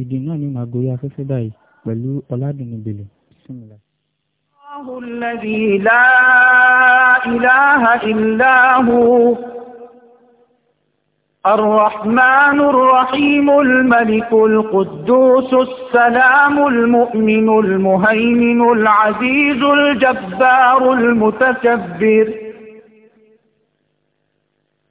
ìdí náà ni màá gorí afẹ́fẹ́ báyìí pẹ̀lú ọ̀làdùnní bèlè bismillah. Allahu alladhi la ilaha illa hu الرحمن الرحيم الملك القدوس السلام المؤمن المهيمن العزيز الجبار المتكبر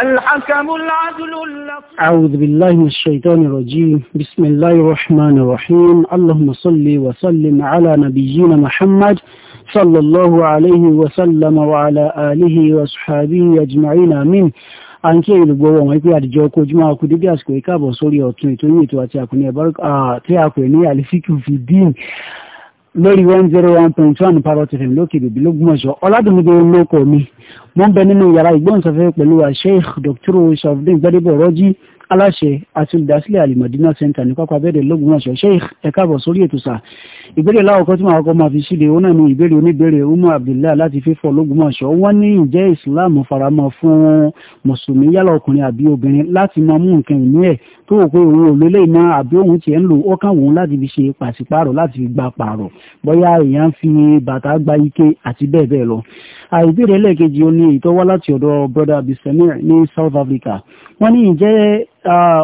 الحكم العدل اللطف أعوذ بالله من الشيطان الرجيم بسم الله الرحمن الرحيم اللهم صل وسلم على نبينا محمد صلى الله عليه وسلم وعلى آله وصحبه أجمعين آمين a ń kí olùgbọ́ wọn wípé àdìjọ ọkọ̀ ojúmọ́ akú dédé àsìkò ìkàbọ̀ sórí ọ̀tún ètò ètò àti àkùnrin ẹ̀bá tí a pè ní àlìfíkù fìdíìn lórí one zero one point two one parrot fm lókè bèbí lógúnmọ̀ṣọ́ ọ̀làdùnmídé olóko mi mo ń bẹ nínú yàrá ìgbóhùnsáfẹ́ pẹ̀lú Sheikh Dr. shavdin gbadebo rọ́jí aláṣẹ àti olùdásílẹ̀ alimọ̀dínà center ní pápá abẹ́rẹ́ lọ́gbọ̀nsọ̀ sheikh ẹ káàbọ̀ sórí ètò sà ìbéèrè láwọ̀kọ́ tí màá kọ́ máa fi síde ó náà ní ìbéèrè oníbéèrè umu abdullahi láti fífọ́ lọ́gbọ̀nsọ̀ wọ́n ní ǹjẹ́ islam faramọ́ fún mùsùlùmí yálà ọkùnrin àbí obìnrin láti máa mú nǹkan ìní ẹ̀ tó wò pé òun ò lélẹ̀ iná àbí òun tiẹ̀ ń lò ó kàn wọ́n láti fi ṣe pàṣípààrọ̀ láti fi gba pààrọ̀ bóyá èèyàn fi bàtà gba ike àti bẹ́ẹ̀ bẹ́ẹ̀ lọ. àìbéèrè ẹlẹ́ẹ̀kejì ó ní ìtọ́wá láti ọ̀dọ̀ brother abdulsamir ní South Africa wọ́n ní ǹjẹ́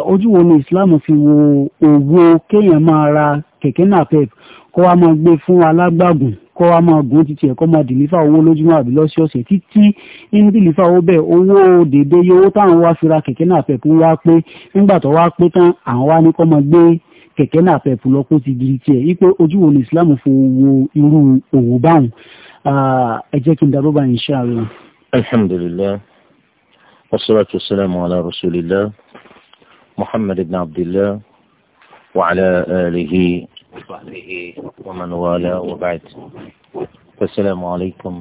ojú wo ni Islam fi wo òwò kéèyàn máa ra kẹ̀kẹ́ napep kó wá máa gbé fún alágbàgùn kó wá máa gùn títí ẹ̀kọ́ máa dìlífà owó lójúmọ́ àbí lọ́sọ̀ọ̀sẹ̀ títí ń dìlífà owó bẹ́ẹ̀ owó dèdè iye owó táwọn wá fi ra kẹ̀kẹ́ napep ń wá pé nígbà tó wá pé tán àwọn wá ní kó máa gbé kẹ̀kẹ́ napep lọ kó ti giri tiẹ̀ wípé ojú wo ni Islam fi wo irú òwò báwọn ẹ jẹ́ kí n darọ́ bá insha Allah. alhamdulillah wassalatu salam ala rasulillah محمد بن عبد الله وعلى آله وصحبه ومن والاه وبعد السلام عليكم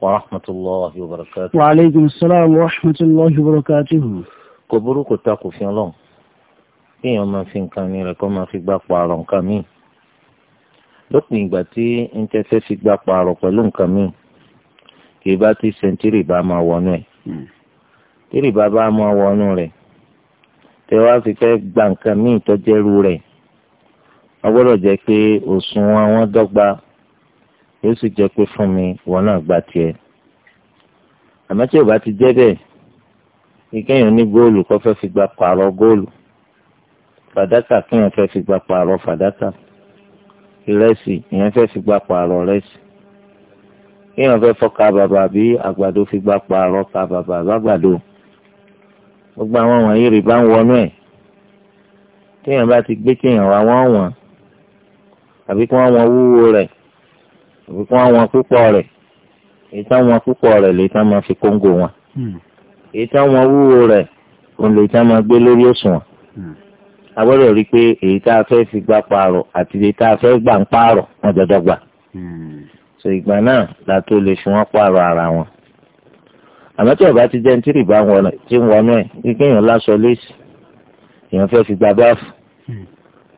ورحمة الله وبركاته وعليكم السلام ورحمة الله وبركاته كبروا كتاكو في الله في يوم في كامي لكم في باقوا على كامي lópin ìgbà tí ń tẹ́tẹ́ fi gbà pààrọ̀ pẹ̀lú nǹkan mi kì í bá ti sẹ́ńtírì tẹ wá fi fẹ́ gba nǹkan míì tọ́jẹ́rú rẹ̀ wọ́n gbọ́dọ̀ jẹ́ pé òṣùwọ̀n wọn dọ́gba yóò sì jẹ́ pé fún mi wọn náà gba tiẹ̀ àmọ́ tí ò bá ti jẹ́ bẹ́ẹ̀ ìkẹyìn ní góòlù kó fẹ́ fi gba pààrọ̀ góòlù fàdákà kéèyàn fẹ́ fi gba pààrọ̀ fàdákà ìrẹsì ìyẹn fẹ́ fi gba pààrọ̀ rẹsì kéèyàn fẹ́ fọ́ka bàbà bí àgbàdo fi gba pààrọ̀ ka bàbà bàgbàdo gbogbo àwọn wọ̀nyí rìbá ń wọnú ẹ̀ téèyàn bá ti gbé téèyàn wá wọ́n wọ̀n àbí kí wọ́n wọn wúwo rẹ̀ àbí kí wọ́n wọn púpọ̀ rẹ̀ èyí tí wọ́n púpọ̀ rẹ̀ lè tá máa fi kóńgò wọn hmm. èyí tí wọ́n wúwo rẹ̀ òun lè tá máa gbé lórí òṣùwọ̀n hmm. a rí i pé èyí tá a fẹ́ fi gbà pààrọ̀ àti èyí tá a fẹ́ gbà ń pààrọ̀ wọn dọ́dọ́ hmm. so ìgbà náà la tó lè fi wọ́n pààrọ̀ ara wọn àmọ́ tí ọba ti jẹ́ ní tìrìbá ti ń wọnú ẹ̀ kí kéèyàn láṣọ léèsì èèyàn fẹ́ fi gba báàfù hmm.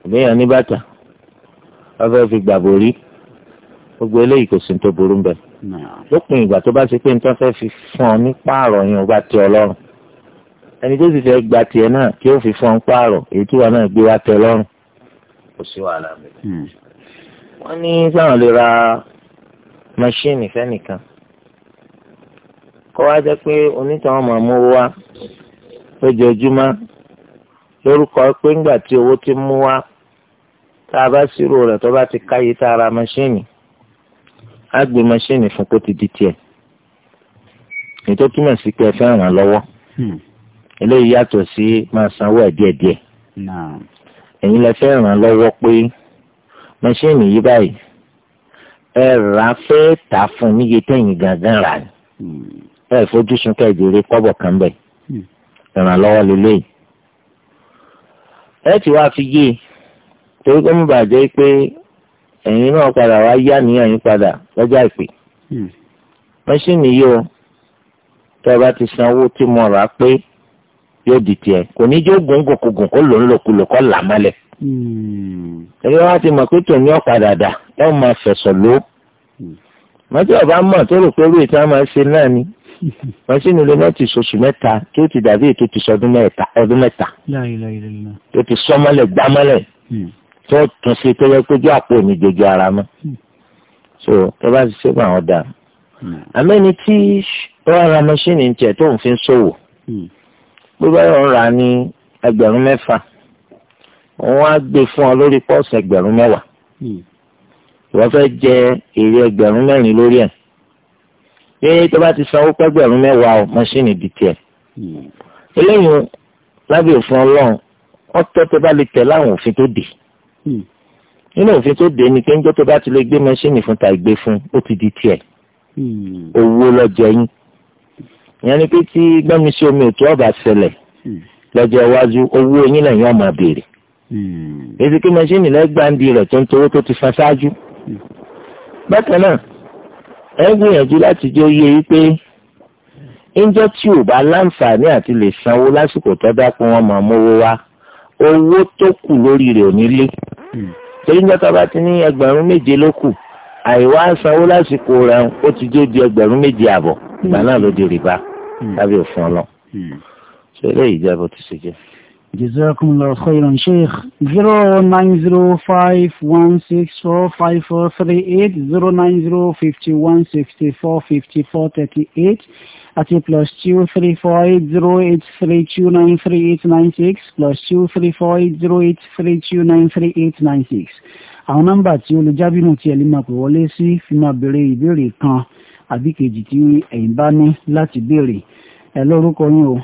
àbí èèyàn ní bàtà wọ́n fẹ́ fi gbà borí gbogbo eléyìí kò sí ní tó burú bẹ́ẹ̀. lópin ìgbà tó bá ṣe pé nítorí fẹ́ fi fún ọ ní pààrọ̀ yẹn ó bá tẹ ọlọ́run ẹni tó sì fẹ́ gba tiẹ̀ náà kí ó fi fún ọ ń pààrọ̀ èyí tí wọn náà gbé wá tẹ ọlọ́run kò sí wàhálà bẹ́ẹ̀. Hmm. wọ́n ní sáwọn lè ra mọ́ṣíìnì fẹ́nìkan kọ́ wá jẹ́ pé onítàn ọmọ mú wá lójoojúmọ́ lórúkọ pé ńgbà tí owó ti mú wá tá a bá ṣírò rẹ̀ tó bá ti káyé tá a ra mọ́ṣíìnì á gbé mọ́ṣíìnì fún kó ti di tiẹ̀ ètò túmọ̀ sí pé ẹ fẹ́ ràn án lọ́wọ́ hmm. eléyìí yàtọ̀ sí máa sanwó ẹ̀ díẹ̀díẹ̀ ẹ̀yin lẹ fẹ́ ràn án lọ́wọ́ pé mọ́ṣíìnì yìí báyìí ẹ rà á fẹ́ tà fún níye tẹ̀yìn gangan rà ni ẹ fojú sun kẹjọ rí kọ́bọ̀ kan bẹ̀ hmm. ìrànlọ́wọ́ lélẹ́yìí ẹ ti wá fi yé e, torí pé mo bàjẹ́ pé ẹ̀yin náà padà wá yá níyàn yín padà lọ́jọ́ àìpé hmm. mẹ́ṣíìnì yìí o tẹ́ ẹ bá ti san owó tí mo rà pé yóò di tiẹ̀ kò ní jó gùngùn kùgùn kó lòún lòkulò kó là mọ́lẹ̀. Hmm. ẹgbẹ́ wa ti mọ̀ pé tòun ní ọ̀padà dà ẹ máa fẹ̀sọ̀ ló. mọ́tò ọ̀bá mọ̀ tó rò pé orí ìta máa ń ṣe náà ni mọ́ṣínì lè mẹ́tì sọ̀sù mẹ́ta tí ó ti dàbí ètò ti sọdún mẹ́ta ọdún mẹ́ta tó ti sọ́mọ́lẹ̀ gbámọ́lẹ̀ hmm. tó tún sí tó yẹ kó jẹ́ àpò onídjọ́jọ́ ara mọ́ hmm. so tó bá ti ṣẹ́gun àwọn dà hmm. àmẹ́ni tí wọ́n ra mọ́ṣínì tiẹ̀ tó ń fi ṣòwò bí wọ́n yọ̀ ń ra ní ẹgbẹ̀rún mẹ́fà wọ́n á gbé fún ọ lórí pọ́ọ̀sì ẹgbẹ̀rún mẹ́wàá wọ́n fẹ́ jẹ èrè ẹgbẹ̀rún mẹ́rin lórí ẹ̀ pé tó bá ti sanwó pẹ́gbẹ̀rún mẹ́wàá o mọ́ṣíìnì di tiẹ̀. Hmm. eléyìí lábẹ́ òfin ọlọ́run ọ̀tọ̀ tó bá lè tẹ̀ láwọn òfin tó dé. Hmm. nínú òfin tó dé ni pé njọ́ tó bá ti lè gbé mọ́ṣíìnì fún ta ìgbé fún ó ti di tiẹ̀. Hmm. owó lọ́jọ́ yín. ìyẹn ni pé tí gbẹ́mi sí omi òtún ọ̀bà ṣẹlẹ̀ lọ́jọ́ iwájú owó yín lẹ́yìn ọmọ béèrè. èsì kí mọ́ṣíìnì lẹ́gbàá ń di rẹ̀ tó ń towó tó ti fa ṣáájú. bákan náà ẹ gbìyànjú láti jẹ́ yé yí pé ńjọ́ tí ò bá láǹfààní àti lè sanwó lásìkò tó dákun wọn máa mówó wá owó tó kù lórí rẹ̀ ò ní lé torí ńjọ́ tó bá ti ní ẹgbẹ̀rún méje ló kù àìwá sanwó lásìkò rẹ̀ ó ti jó di ẹgbẹ̀rún méje àbọ̀ ìgbà náà ló di rìbá hmm. lábẹ́ òfin ọlọ́ ṣe hmm. eléyìí jẹ́ bó ti ṣe jẹ́. Jazakumullah khairan Sheikh. 09051645438 09051645438 At plus 2348083293896 plus 2348083293896. Àwọn nọ́mbà tí olùjábìnú ti ẹ̀lí máa pè wọlé sí fi máa béèrè ìbéèrè kan àbí kejì tí ẹ̀yin bá ní láti béèrè. Ẹ lórúkọ yín o.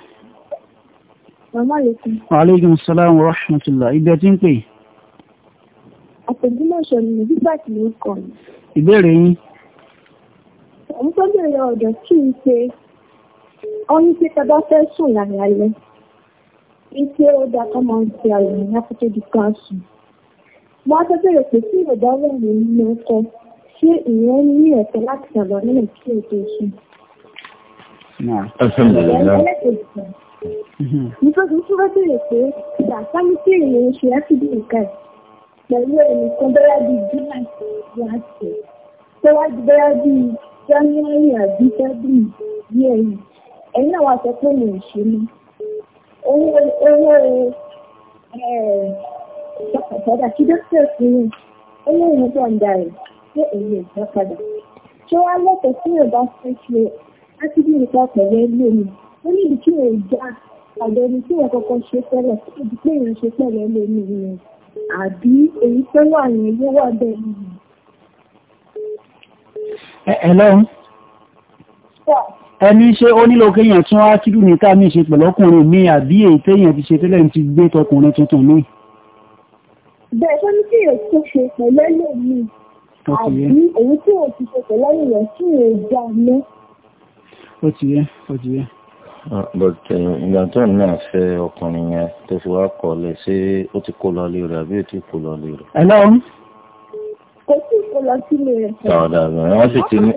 Aleykum salaam wa rahmatullah. Ibẹ̀ tí ń pè. Àtẹ̀gúnmọ̀ṣọ́ ni nígbà tí ó kọ̀. Ìbéèrè yín. Òun tó bèèrè ọ̀dọ̀ kí n ṣe ọyún tí tọ́bá fẹ́ sùn láàrin alẹ́. Iṣẹ́ ó dá kọ́ máa ń ṣe àrùn ní àkókò di kan sùn. Mo á tó bèèrè pé tí ìrọ̀dá ní ilé ọkọ, ṣé ní ẹ̀tọ́ láti sàlọ́ nílẹ̀ kí o tó sùn? Alhamdulillah nítorí tí wọ́n béèrè pé ìdàsáyé tí èèyàn ń ṣe ẹ́fídì nǹkan pẹ̀lú ẹnìkan bẹ́rẹ̀ bí july láti tó wá di bẹ́rẹ̀ bí january àbí february bí ẹ̀yìn ẹ̀yìn náà wá sọ pé mi ò ṣe mọ́ owó owó ẹ̀ẹ́dà kí dókítà fún mi owó ìmúdọ̀ ń darẹ̀ pé èyí ò gbà padà ṣé wàá lẹ́tọ̀ọ́ sí ìbá fẹ́ ṣe ẹ́fídì nǹkan pẹ̀lú ẹgbẹ́ mi ó ní ìdí ò já àgbẹ̀ ẹni tí wọ́n kọ́kọ́ ṣe tẹ́lẹ̀ ibi pé èèyàn ṣe pẹ̀lẹ́ lè ní ìyẹn àbí èyí tó wà ní ló wà bẹ́ẹ̀ ni. Hello. ẹni ṣé ó nílò kéèyàn tún wá kílù ní ká ní ṣe pẹ̀lọ́kùnrin mi àbí èyí téèyàn ti ṣe tẹ́lẹ̀ ti gbé tọkùnrin tuntun mi. bẹ́ẹ̀ tó ní kí èyí tó ṣe pẹ̀lẹ́ lè mí àbí èyí tí ò ti ṣe pẹ̀lẹ́ ìrẹsì èèyàn mú. ó ti yẹ ó ti yẹ. Ah, but eh, ìgbà tó ń náà fẹ́ ọkùnrin yẹn tó fi wá kọ̀ lẹ̀ ṣé ó ti kó lọ lé rẹ̀ àbí ó ti kó lọ lé rẹ̀. ẹ náà ó sì kó lọ sílé rẹ̀. ọ̀dà àgbọ̀n wọ́n sì ti ní.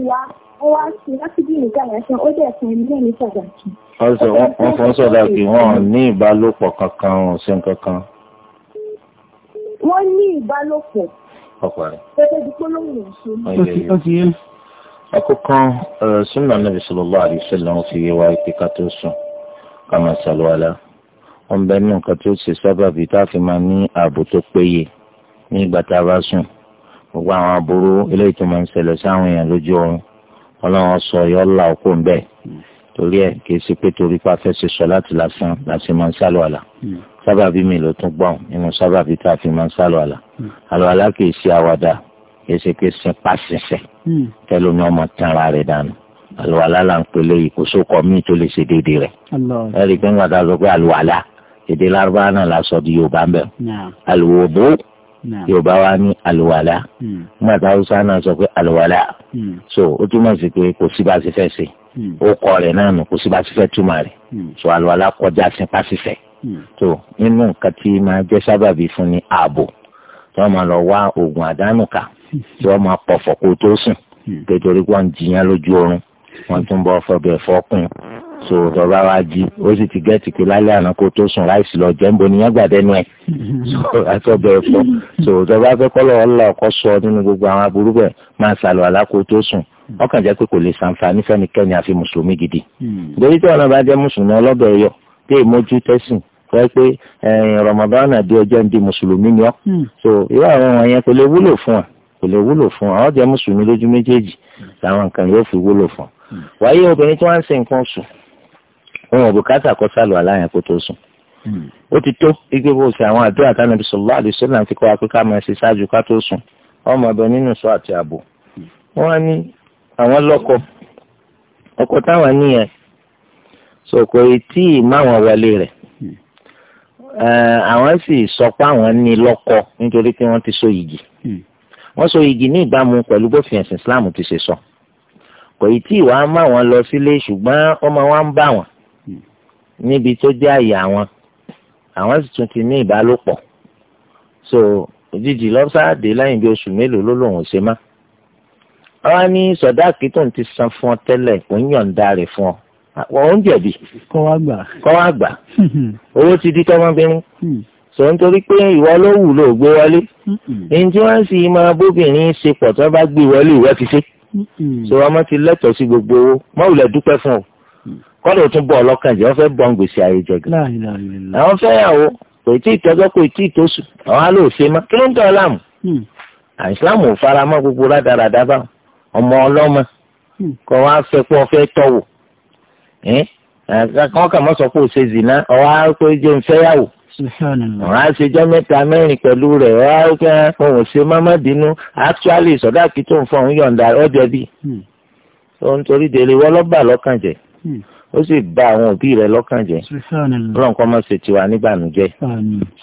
ó wá sí láti bí nìkan yẹn sọ ó dẹ̀ fún mi ní ẹni sàdáàkì. wọ́n sọ wọ́n fún sàdáàkì wọn ò ní ìbálòpọ̀ kankan wọn ò sí nǹkan kan. wọ́n ní ìbálòpọ̀. ọkọ rẹ̀. pẹ̀lú ìdíkọ́ lóhùn ìṣó. ó ti yé àkọ́kọ́ ọ̀rọ̀ súnà nàbì sallallahu alaihi wasallam fi wa pé ká tó sùn ká máa ṣàlùwàlá ní nǹkan tó ṣe sábàbí tá a fi máa ní ààbò tó péye ní ìgbà tá a bá sùn gbogbo àwọn aburú eléyìí tó máa ń ṣẹlẹ̀ sáwọn èèyàn lójú oorun ọlọ́run sọ yọ ọ́ là òkú ń bẹ́ẹ̀ torí ẹ kì í ṣe pé torí pa fẹ́ ṣe sọ láti lásán láti máa ń sálọ àlà hmm. sábàbí mi ló tún gbọ́n nínú sábàbí tá a fi máa ń sálọ àlà àlọ́ àlá kì í ṣe àwàdà kì í ṣe pé sẹpá ṣẹṣẹ hmm. tẹlómi ọmọ tẹnra rẹ dànù àlùwàlá là ń pèlè ìkósókọ míì tó lè ṣe déédéé rẹ ẹ rí i pé ń gbàdá sọ pé àlùwàlá èdè lárúbá náà la sọ di yorùbá mbẹ àlùwòbó yorùbá wa ní àlùwàlá hmm. gbàdá haúsá náà sọ pé àlùwàlá hmm. so ó túmọ̀ sí pé kò sí bá a ti kọ rẹ̀ náà nù kò sí bá túmọ̀ rẹ̀ so àlùwàlá kọjá sẹpá ṣẹṣẹ tó nínú nǹkan máa jẹ́ sábàbí fún ni ààbò tí wọ́n máa lọ wá oògùn àdánù ká tí wọ́n máa pọ̀fọ̀ kó tó sùn nítorí hmm. wọ́n ń jiyàn lójú oorun wọ́n tún bọ́ fọbẹ̀ fọ́kùn so tọba wa jí ó sì ti gẹ́tì pé lálẹ́ àná kó tó sùn láìsí lọ jẹ́ níbo nìyẹn gbàdẹ́nu ẹ̀ hmm. so àtọ́bẹ̀ fọ́ so tọba fẹ́ kọ́lọ̀ ọ̀la ọ̀kọ́ sọ nínú gbogbo àwọn aburú bẹ̀ máa sàlọ̀ àlá kó tó sùn hmm. ọkàn jẹ́ pé kò lè sàǹfààní fẹ́nikẹ́ni àfi mùsùlùmí gidi nítorí tí ọ̀nà bá jẹ́ mùsùlùmí ọlọ́bẹ̀ yọ tí èmójú tẹ́sìn wọ́n pé eh, Ramadan àdé ọjọ́ ń di mùsùlùmí ni ọ́ so irú àwọn wọ̀nyẹn kò lè wúlò fún wa kò lè wúlò fún ọ àwọn jẹ́ mùsùlùmí lójú méjèèjì làwọn nǹkan yóò fi wúlò fún hmm. wáyé obìnrin tí wọ́n ń ṣe nǹkan sùn wọn ò bùkátà kó sálọ aláyàn kó tó sùn hmm. ó ti tó igbe bó ṣe àwọn àdúrà tánà bí sọlá àdìsọlá ti kọ́ akókò àmọ́ ẹ̀sìn ṣáájú ká tó sùn ọmọ ọbẹ̀ nínú sọ àti ààbò wọn á ní àwọn lọ́kọ ọkọ táwọn níyẹn so kò tí ì má wọn wọlé rẹ̀ hmm. àwọn sì sọ pé àwọn ní lọ́kọ nítorí pé wọ́n ti so yìgì wọ́n so igi ní ìbámu pẹ̀lú bófin ẹ̀sìn islam ti ṣe sọ kò ì tí wàá má wọn lọ sílé ṣùgbọ́n ọmọ wa ń bà wọ́n níbi tó jẹ́ àyè àwọn àwọn sì tún ti ní ìbálòpọ̀ so òjijì lọ́sàdé lẹ́yìn bí oṣù mélòó ló lòun ṣe má wọ́n ní sọ̀dáàkì tó ń ti san fún ọ tẹ́lẹ̀ kò ń yọ̀ǹda rẹ̀ fún ọ wọ́n ń jẹ̀bi kọ́ wá gbà owó ti di tọ́mọbìnrin hmm sọ nítorí pé ìwọ ló wù ló gbé wọlé ní tí wọ́n sì máa bóbìnrin ṣe pọ̀ tó bá gbé wọlé ìwọ ti ṣe sọ ọmọ ti lẹ́tọ̀ọ́ sí gbogbo owó mọ́wùlẹ̀ dúpẹ́ fún ọ kọ́dọ̀ tún bọ̀ ọlọ́kàn jẹ́ wọ́n fẹ́ bọ̀ ń gbèsè ayé jẹ gan àwọn fẹ́yàwó kò tí ì tọ́jọ́ kò tí ì tóṣù àwọn alóò ṣe má kí ló ń tọ́ ọ láàmú mm. ò fara mọ́ gbogbo rádaràdá bá ọmọ ọlọ́mọ mm. kọ́ wa fẹ́ pé ọ fẹ́ tọ̀wò ẹ̀ kọ́ kà mọ́ sọ pé ò ṣe zìnà ọ wá pé jẹun fẹ́yàwó ọ̀rọ̀ àṣejọ́ mẹ́ta mẹ́rin pẹ̀lú rẹ̀ ọ̀hún ò ṣe mọ́mọ́ bínú actually sọ̀dá kí tó ń fọ òun yọ̀ǹda ọ̀jẹ̀ bí òun torí délé wọ́n lọ́ba lọ́kàn jẹ́ hmm. ó sì bà àwọn òbí rẹ̀ lọ́kàn jẹ́ ọlọ́run kọ́ mọ́ ṣe tiwa nígbànújẹ́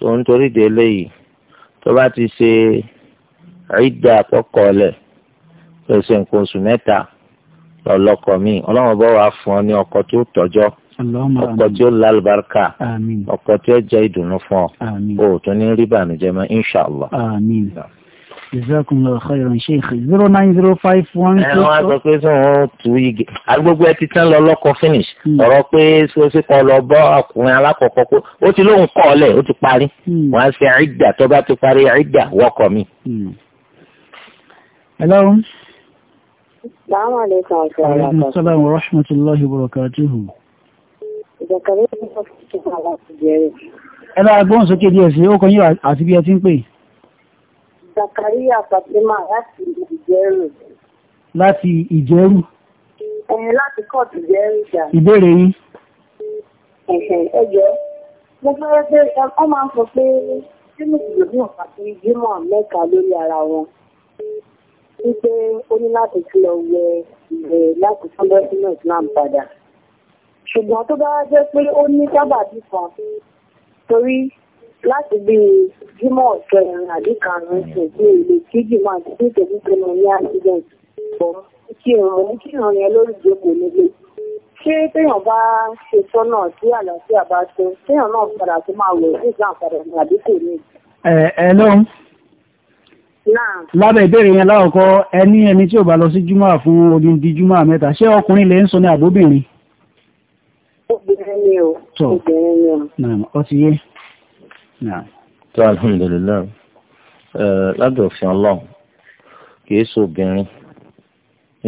òun torí délé yìí tó bá ti ṣe ìdá àkọ́kọ́ lẹ̀ tó nǹkan oṣù mẹ́ta lọ́lọ́kọ̀ míì ọlọ́run bọ́ wàá fún ọ ní ọkọ tó tọ́jọ́ ọkọ tí ó lálùbáríkà ọkọ tí ó jẹ́ ìdùnnú fún ọ o tún ní rí bànújẹ́ mọ́ inshàlá. Jazakumullahu khairan Sheikh zero nine zero five one. Ẹ wọ́n á sọ pé sọ wọ́n tu igi. Agbègbè ẹ ti tán lọ lọ́kọ̀ finish. Hmm. Ọ̀rọ̀ pé sọ́sí kan lọ bọ́ ọkùnrin alákọ̀ọ́kọ́ pé ó ti lóun kọ́ ọ̀lẹ̀ ó ti parí. Hmm. Wọ́n á ṣe àìdà tó bá ti parí àìdà wọ́kọ̀ mi. Hmm. Hello. Assalamu alaykum wa rahmatullahi wa barakatuhu. Ẹlá ẹgbọ́n sókè díẹ̀ sí ókan yóò àti bí ẹ ti ń pè. Zakaria Fatima láti Ìjẹ́rù. Láti Ìjẹ́rù. Ẹ̀yìn láti kọ́ọ̀tù Ìjẹ́rù jà. Ìbéèrè yín. Ẹjọ́, mo fẹ́ pé ọ máa ń sọ pé sínú ìlú náà àti Jímọ̀ mẹ́ta lórí ara wọn. Wípé ó ní láti fi lọ wẹ ìwẹ̀ láti fún lọ́sí náà padà ṣùgbọ́n tó bá jẹ́ pé ó ní sábàbí kan torí láti bí jímọ̀ kẹrin àbí karùn-ún ṣe sí èdè tí jímọ̀ àti tí ìtẹ̀jú tó lọ ní accident pọ̀ kí ìrùn ní kí ìrùn yẹn lórí ìjókòó nílé ṣé téèyàn bá ṣe sọ́nà tí àlàáfíà bá tó téèyàn náà padà tó máa wẹ̀ sí ìgbà padà ní àbí kò ní. ẹ ẹ lóhun lábẹ́ ìbéèrè yẹn lákọ̀ọ́kọ́ ẹni ẹni tí ò bá lọ sí júmọ̀ fún odindi júmọ̀ mẹ́ta ṣé ọkùnrin lè ń sọ ní àbóbìnrin obìnrin ni o obìnrin ni o. ọ ti yé. tó alhamdulilayi lábẹ́ òfin ọlọ́run kìí ṣe obìnrin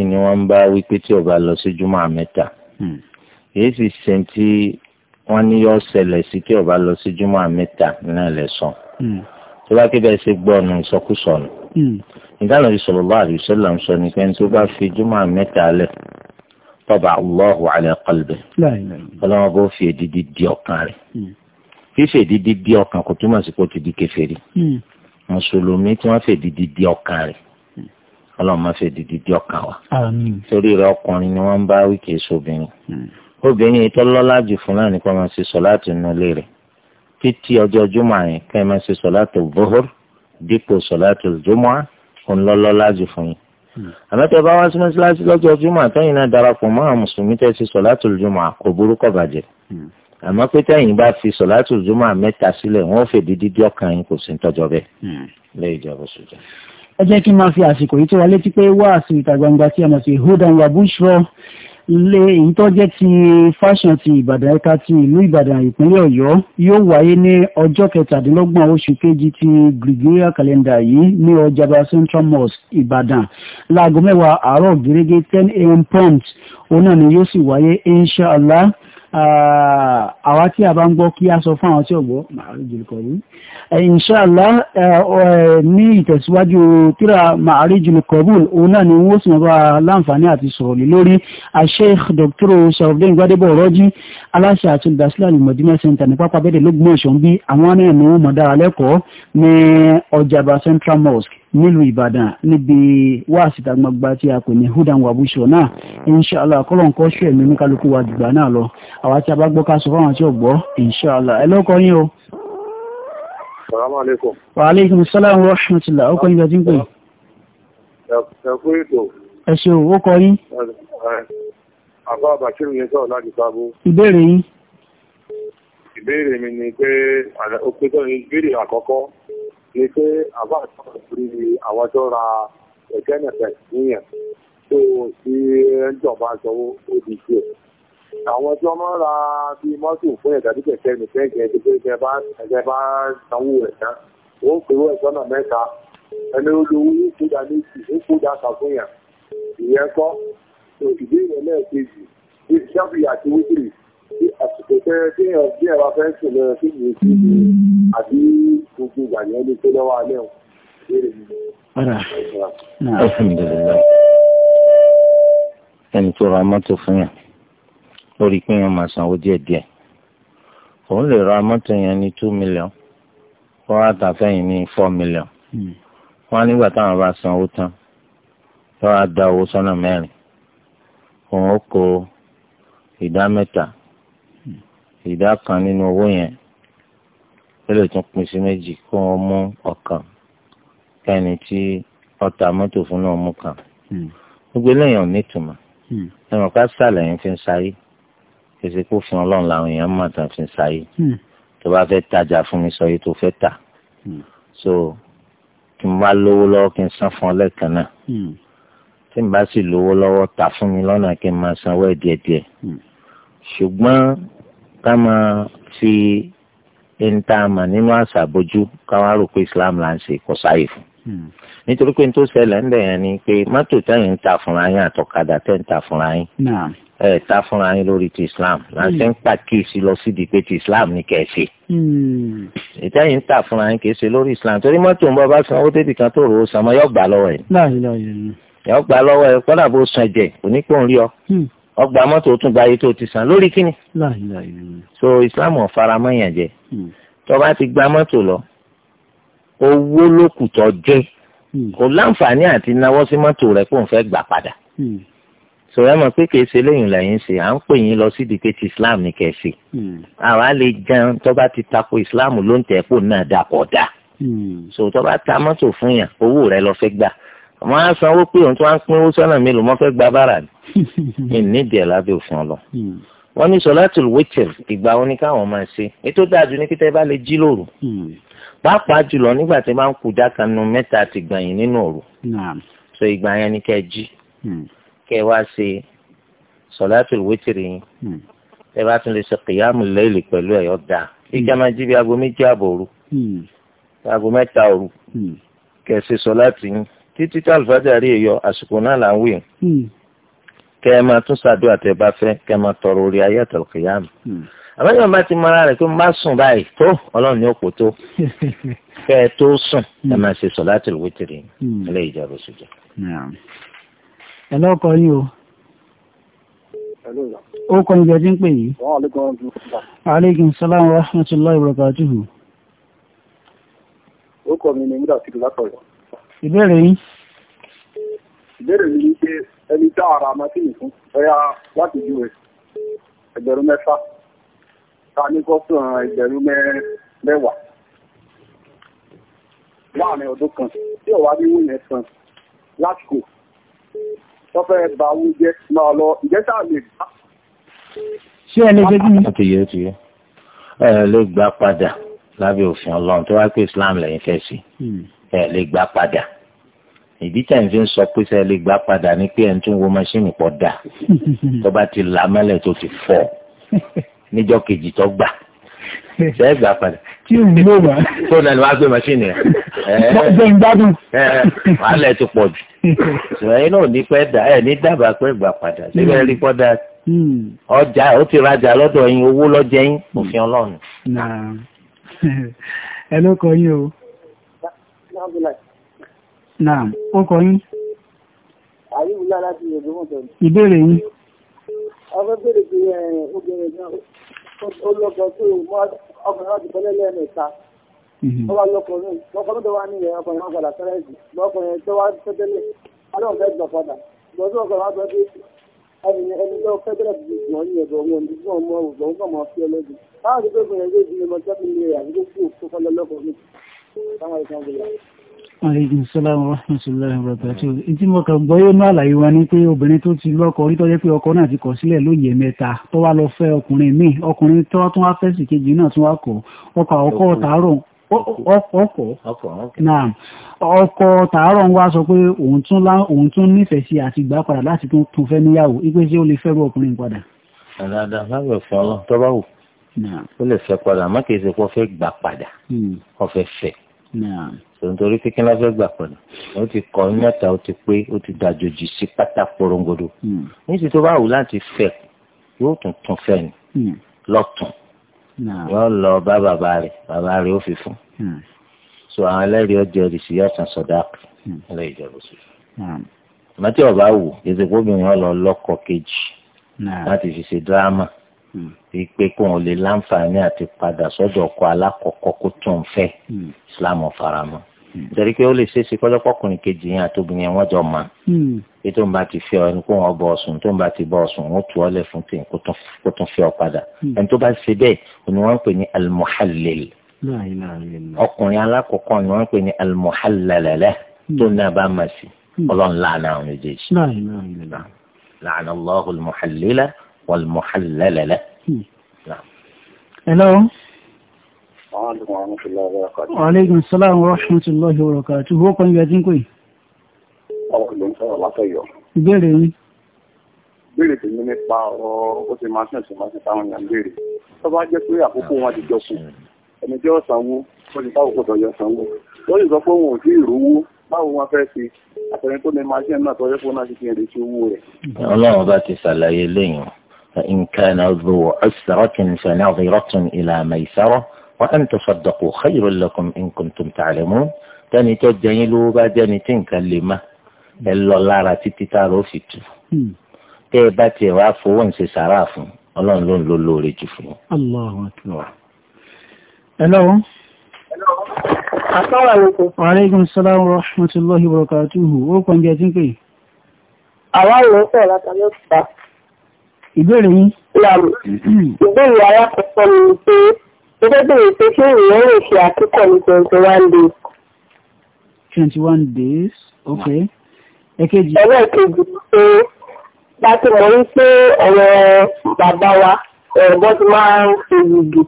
ni wọ́n ń bá wípé tí ọba lọ sí júmọ́ àmẹ́ta hmm. kìí sì ṣe tí wọ́n ní yọ ṣẹlẹ̀ sí tí ọba lọ sí júmọ́ àmẹ́ta náà lẹ́sàn hmm. tó bá kébẹ̀ ṣe gbọ́nu ìsọkúsọ̀nù hmm. ìdáná ìṣòro bá àdìsọ́là ń sọ ní pé ní tó bá fi júmọ́ àmẹ́ta lẹ̀ tọ́ba allahu ala qalbi ọlọ́wọ́n bó fi èdìdí di ọkàn rẹ̀ fífi hmm. èdìdí di ọkàn kò túmọ̀ sí kó ti di kèfèrí hmm. mùsùlùmí tí wọ́n fi èdìdí di ọkàn rẹ̀ hmm. ọlọ́run máa fi èdìdí di ọkàn wa torí rẹ̀ ọkùnrin ni wọ́n ń bá wíkì èso obìnrin obìnrin ìtọ́lọ́lá jù fún náà nípa máa ṣe sọ láti inú ilé rẹ̀ títí ọjọ́ jùmọ̀ yẹn kẹ́ ẹ máa ṣe sọ láti zuhur dípò sọ láti jùmọ̀ òun lọ́lọ́lá jù fún yín àmọ́ tẹ́ bá wá sí mọ́ṣáláṣí lọ́jọ́ jùmọ̀ àtẹ́yìn náà darapọ̀ mọ́ àwọn mùsùlùmí tẹ́ ṣe sọ̀látùl jùmọ̀ kò burúkọ bàjẹ́ hmm. àmọ́ pé tẹ́yìn bá fi sọ̀látùl jùmọ̀ mẹ́ta sílẹ̀ wọ́n fèdí dídí ọkàn yín kò sí tọ́jọ́ bẹ́ẹ̀ lẹ́yìn ìjọba ṣùjọ́. ẹ jẹ́ kí n máa fi àsìkò yìí tó wa létí pé wáàsí ìta gbangba tí a mọ̀ sí hudan wa bushra lé èyí tó jẹ́ ti fashion ti ìbàdàn ẹ̀ka ti ìlú ìbàdàn ìpínlẹ̀ ọ̀yọ́ yóò wáyé ní ọjọ́ kẹtàdínlọ́gbọ̀n oṣù kejì ti gregorian calendar yìí ní ọjàba central mosque ìbàdàn láago mẹ́wàá àárọ̀ gẹ́gẹ́ ten a.m. prompt òun ni yóò sì wáyé inshallah Ah, àwa tí a bá ń gbọ́ kí a sọ fún àwọn tí ò gbọ́ màálù jùlùkọ̀rú eh, inṣàlá eh, eh, ní ìtẹ̀síwájú tíra màálù òun náà ni wọ́n sì mọ́ bá láǹfààní àti sọ̀rọ̀ lé lórí Sheikh Dr. sọ̀rọ̀dẹ́n gbadebo ọ̀rọ́jì aláṣẹ àti olùdásílẹ̀ alimọ̀dínà center ní pápá bẹ́ẹ̀ lógún ọ̀ṣun bí àwọn náà ni wọ́n mọ̀ dára lẹ́kọ̀ọ́ ní ọjàbá Central Mosque nílùú ìbàdàn níbi tí a pè ní náà inṣàlá kọlọǹkọ ṣù ẹmí wa dìgbà náà lọ àwa tí a bá gbọ́ ká sọ fáwọn tí ò gbọ́ inṣàlá yín o. salaamaleykum. waaleykum salaam wa rahmatulah ọkọ yín gbajú pé. ẹ kú ètò. ẹ ṣe o ó kọ yín. àbá bàṣírù yẹn ni pé àbá àtọ́kọ̀ sí àwọn tó ra ẹ̀kẹ́ nẹ̀fẹ̀ níyàn tó tí ń jọba sanwó ó di tiẹ̀. àwọn tí wọ́n máa ń ra bíi mọ́tò fún ẹ̀dá tí kẹ̀kẹ́ nìkẹ́ ìjẹ́ tí pé ẹ̀jẹ̀ bá ẹ̀jẹ̀ bá sanwó ẹ̀ tán ó pè wọ́n ìtọ́nà mẹ́ta ẹni olówó ó kódà méjì ó kódà kàfúnyà ìyẹn kọ́ òṣìṣẹ́ ìrẹ̀lẹ̀ kejì ìṣàfihàn àti wíkìrì àsìkò fẹ́ kéèyàn bí ẹ̀rọ fẹ́ sùn lọ sí ìlú sí àbí gbogbo ìgbà yẹn lè tó lọ́wọ́ alẹ́ o. ẹni tó ra mọ́tò fún yàn lórí pé yàn máa sanwó díẹ̀díẹ̀ òun lè ra mọ́tò yẹn ní two million wọ́n á tà fẹ́yìn ní four million hmm. wọ́n á nígbà táwọn bá sanwó tán wọ́n á da owó sọ́nà mẹ́rin òun ó kó ìdá mẹ́ta ìdá kan nínú owó yẹn ó lè tún pín sí méjì kó wọn mú ọ̀kan kẹ́ni tí ọta mọ́tò fún náà mú kan hmm. gbogbo eléyàn nítumọ̀ hmm. ẹ̀wọ̀n ká sàlẹ̀ yẹn fi ń sáyé kèsì kó fún ọlọ́run làwọn èèyàn mọ̀ tán fi ń sáyé hmm. tó bá fẹ́ tajà fún mi sọ yìí tó fẹ́ tà so kí n bá lówó lọ́wọ́ kí n san fún ọ lẹ́ẹ̀kan náà tí n bá sì lówó lọ́wọ́ tà fún mi lọ́nà kí n máa sanwó ẹ̀ díẹ̀díẹ̀ ṣùgbọ́n ká máa fi ẹnta àmà nínú àṣà bójú ká rò pé islam là ń ṣe kò sáàyè fún hmm. nítorí pé n tó ṣẹlẹ̀ ń bẹ̀ yẹn ni pé mọ́tò tẹ̀yìn ń ta fúnra yín àtọ̀kadà tẹ̀ ń ta fúnra yín ẹ ta fúnra yín lórí ti islam hmm. láti ń pàkíyèsí lọ sídìí pé ti islam ní kẹ̀ẹ́sì hmm. ìtẹ̀yìn ń ta fúnra yín kìí lórí islam torí mọ́tò ń bọ̀ bá sanwó tètè kan tó rò ó sanwó yóò gbà lọ́wọ́ yẹn yóò gbà lọ́wọ́ yẹn kọ́dà ọgbà mọ́tò tún gba ayé tó ti sàn lórí kíni. so islam ọ̀faramọ́yàn jẹ hmm. tó bá ti gba mọ́tò lọ owó ló kù tó jẹ́ hmm. kò láǹfààní àti náwó sí mọ́tò rẹ̀ kó n fẹ́ gbà padà. Hmm. so ẹ mọ̀ pé kìí ṣe lẹ́yìn lẹ́yìn ṣe à ń pè yín lọ sí dìkẹ́ islam ní kẹ̀sì. àwa lè jẹun tó bá ti tako islam ló ń tẹ̀ kó náà dà kọ̀ dà. so tó bá ta mọ́tò fún yàn owó rẹ̀ lọ fẹ́ gbà àmọ́ á sanwó pé òun tó wá ń pín owó sọ́nà mélòó mọ́ fẹ́ gba bàrà ni ìnídìí ẹ̀ lábẹ́ òfin ọlọ. Hmm. wọ́n ní sọ̀látùl wítìr ìgbà wo ni káwọn máa ṣe ètò dájú ní kíta ẹ bá lè jí lóru hmm. pàápàá jùlọ nígbà tí máa ń kú dákanu mẹ́ta ti gbẹ̀yìn nínú òru so ìgbà yẹn ni kẹ́ ẹ jí hmm. kẹ́ ẹ wá ṣe sọ̀látùl wítìr yín ẹ bá tún lè ṣe kìyàmù lẹ́yìn pẹ̀lú ẹ̀yọ́ dáa ìjà máa jí bí aago méjì àbòrú aago mẹ́ta òru kẹ́ ẹ ṣe sọ̀látù yín títí tí àlùfáàjà rí èyọ àsìkò náà là ń wí hmm. kẹ ẹ máa tún ṣàdúrà tẹ bá fẹ́ kẹ ẹ máa tọrọ orí ayé àtàlùkìyàmù hmm. àbẹ́yẹ̀ máa ti mara rẹ̀ pé má sùn báyìí tó ọlọ́run ní òpó tó kẹ ẹ tó sùn ẹ hmm. máa ṣe sọ̀láàtì wítìrì ilé ìjọba ṣùjọ. ẹ lọ́kọ yín o ó kọ ìjọ tí ń pè yìí. aleykum salaam wa rahmatulahi wa barakatuhu. ó kọ mi ní múdà kìlú látọ̀yọ̀ ìbéèrè yìí. ìbéèrè mi ni pé ẹni dá ara mọ́tìnì fún ọ̀yà láti ju ẹgbẹ̀rún mẹ́fà ta ní kọ́sùn ẹgbẹ̀rún mẹ́wàá láàrin ọdún kan tí ọ̀wá bí wọ́n yẹn san lásìkò wọ́n fẹ́ ba owó jẹ́ máa lọ ìjẹ́sà lè gbà. ṣé ẹni ṣe kí ni. ó ti yẹ ẹ lè gbà padà lábẹ́ òfin ọlọ́run tó wá pé Islam lẹ́yìn fẹ́ sí ẹ lè gbà padà ìdí tí àyìnfín sọ pé sẹ lè gbà padà ni pé ẹ ń tún wo máṣíìnì pọ̀ dà tó bá ti là mẹ́lẹ̀ tó ti fọ́ níjọ́ kejì tó gbà ṣe é gbà padà. tí o ní wà. tó o nàní wàá gbé máṣíìnì rẹ. bẹ́ẹ̀ ń gbádùn. wàhálà ti pọ̀ jù. ṣùgbọ́n iná ò ní pẹ́ dà ẹ̀ ní dábàá pé gbà padà síbẹ̀ rí pọ́ dáa. Hmm. ọjà ó ti rajà lọ́dọ̀ yín owó lọ́jẹ́ yín òfin ọlọ́run. ẹ ló kọ yín o. Náà, ó kọ yín. Àyíwúlá láti Ògbómọ̀tọ̀. Ìbéèrè yín. Ọgbẹ́ bèèrè pé obìnrin náà ó lọ́kọ tó ọkùnrin láti bọ́lẹ̀ lẹ́ẹ̀mẹ́ta. Mhm. Ó wá lọ́kọ náà, lọ́kọ lọ́dọ̀ wá nílẹ̀ ọkùnrin wọn padà sẹ́rẹ̀ jù. Lọ́kùnrin tó wá tẹ́tẹ́lẹ̀, aláwọ̀ fẹ́ gbọ̀ padà. Bọ́sọ̀ ọkọ̀ wá sọ pé ẹni ẹni tó fẹ́ bẹ̀rẹ̀ ti jù wọ́n ní ẹ̀dọ̀ wọn ní fún ọmọ ògbọ́n fún ọmọ ọfẹ́ ọlọ́dún. Táwọn ti pé obìnrin yóò di ọmọ tẹ́kùn ilé àdúgbò fún òkú kọ́lọ́lọ́kọ̀ọ́ Àlejò Sọ́lámù Rọ́sùnṣùláì Rọ̀bẹ̀tì. Ìtí mo kàn gbọ́ yóò ní wa ní pé obìnrin tó ti lọ́kọ orí tó jẹ́ pé ọkọ náà ti kọ̀ sílẹ̀ lóye mẹ́ta tó wá lọ fẹ́ ọkùnrin míì ọkùnrin tó tún wá fẹ́sì kejì náà tún wá kọ̀ ọkọ ọkọ tààrọ̀ ọkọ tààrọ̀ ń wá sọ pé òun tún nífẹ̀ẹ́ sí àti gbà padà láti tún fẹ́ níyàwó ipe ṣé ó lè fẹ́rù ọkùnrin padà. Àdàdà lábẹ̀ fún ọ tó bá wù ó lè fẹ́ tòǹtòrí kíkín lọ́fẹ́ gbà pẹ̀lú ó ti kọ́ mẹ́ta ó ti pé ó ti dàjòjì sí pátá porongodo hmm. níṣẹ́ tó bá wù láti fẹ́ yóò tún tún fẹ́ ni hmm. lọ́tún yóò lọ bá bàbá rẹ̀ bàbá rẹ̀ ó fi fún hmm. so àwọn ẹlẹ́rìí ọjọ́ ìrìsì yóò tàn sọ̀dáàkì ilé ìjọba sí i mọ́tí ọ̀bá wù ètò ìpóbìnrin ọlọ́ọ̀lọ́kọ̀ kejì láti fi ṣe dírámà wípé kó wọn lè láǹfààní àti padà sọ́dọ̀ ọkọ alákọ̀ọ́kọ́ kó tó ń fẹ́ hmm. islam faramọ́ nítorí hmm. pé ó lè ṣeé ṣe kọ́lọ́pọ̀kùnrin kejì yẹn àtòbìnrin yẹn wọ́n jọ mọ́ hmm. pé tó ń bá ti fẹ́ ọ ẹni kó wọn bọ ọ̀sùn tó ń bá ti bọ ọ̀sùn wọn tù ọ́ lẹ̀ fún tèmi kó tún fẹ́ ọ padà ẹni tó bá ṣe bẹ́ẹ̀ ni wọ́n ń pè ní almuhallil ọkùnrin alákọ̀ọ́kọ́ ni wọ́n ń pè ní almuhallalẹ̀ tó ń náà bá ọlọ́run láàánú àwọn méjèèjì láàánú allahul والمحلل له hmm. نعم Hello. Aleykum salaam wa rahmatullahi wa barakatuh. Wọ́n kan yẹ tí ń pè. Ọkùn ló ń sọ̀rọ̀ látọ̀yọ̀. Ìbéèrè mi. Ìbéèrè tí mi nípa ọ̀rọ̀ ó ti máa ṣẹ̀ṣẹ̀ máa ṣe táwọn èèyàn béèrè. Tó bá jẹ́ pé àkókò wọn ti jọ kù, ẹni jẹ́ ọ̀sánwó, ó ti bá òkú tọ̀yọ̀ sanwó. Lórí sọ pé wọn ò tí ì rówó, báwo wọn fẹ́ ṣe àtẹni tó ní máa ṣe náà tọ́jọ́ fún náà ti fi èrè sí owó rẹ̀. Ọlọ́run bá ti ṣàlàyé lẹ́yìn. فإن كان ذو عسرة فنظرة إلى ميسرة وأن تصدقوا خير لكم إن كنتم تعلمون tẹni tó jẹyìn lówó bá jẹni tí nǹkan lè má ẹ lọ lára títí táàrà ó fi tù tẹ ẹ bá tiẹ̀ wá fowó ń ṣe sàrà fún Ọlọ́run ló ń lo lóore jù fún. hello. asalaamualeykum. aleykum salaam wa rahmatulahi wa barakatuhu. ó kàn jẹ́ tí ń pè. àwa ò ń sọ̀rọ̀ látàrí òkúta ìbéèrè yín. ìbéèrè alákọ̀ọ́kọ́ mi ni pé ẹgbẹ́ bèrè pé ṣé èèyàn lè ṣe àkíkọ̀ ní twenty one days. twenty one days ok. ẹ̀kejì. ẹlẹ́ẹ̀kejì pé bá ti mọ̀ wípé ọ̀rọ̀ bàbá wa ẹ̀gbọ́n ti máa ń ṣe yìgì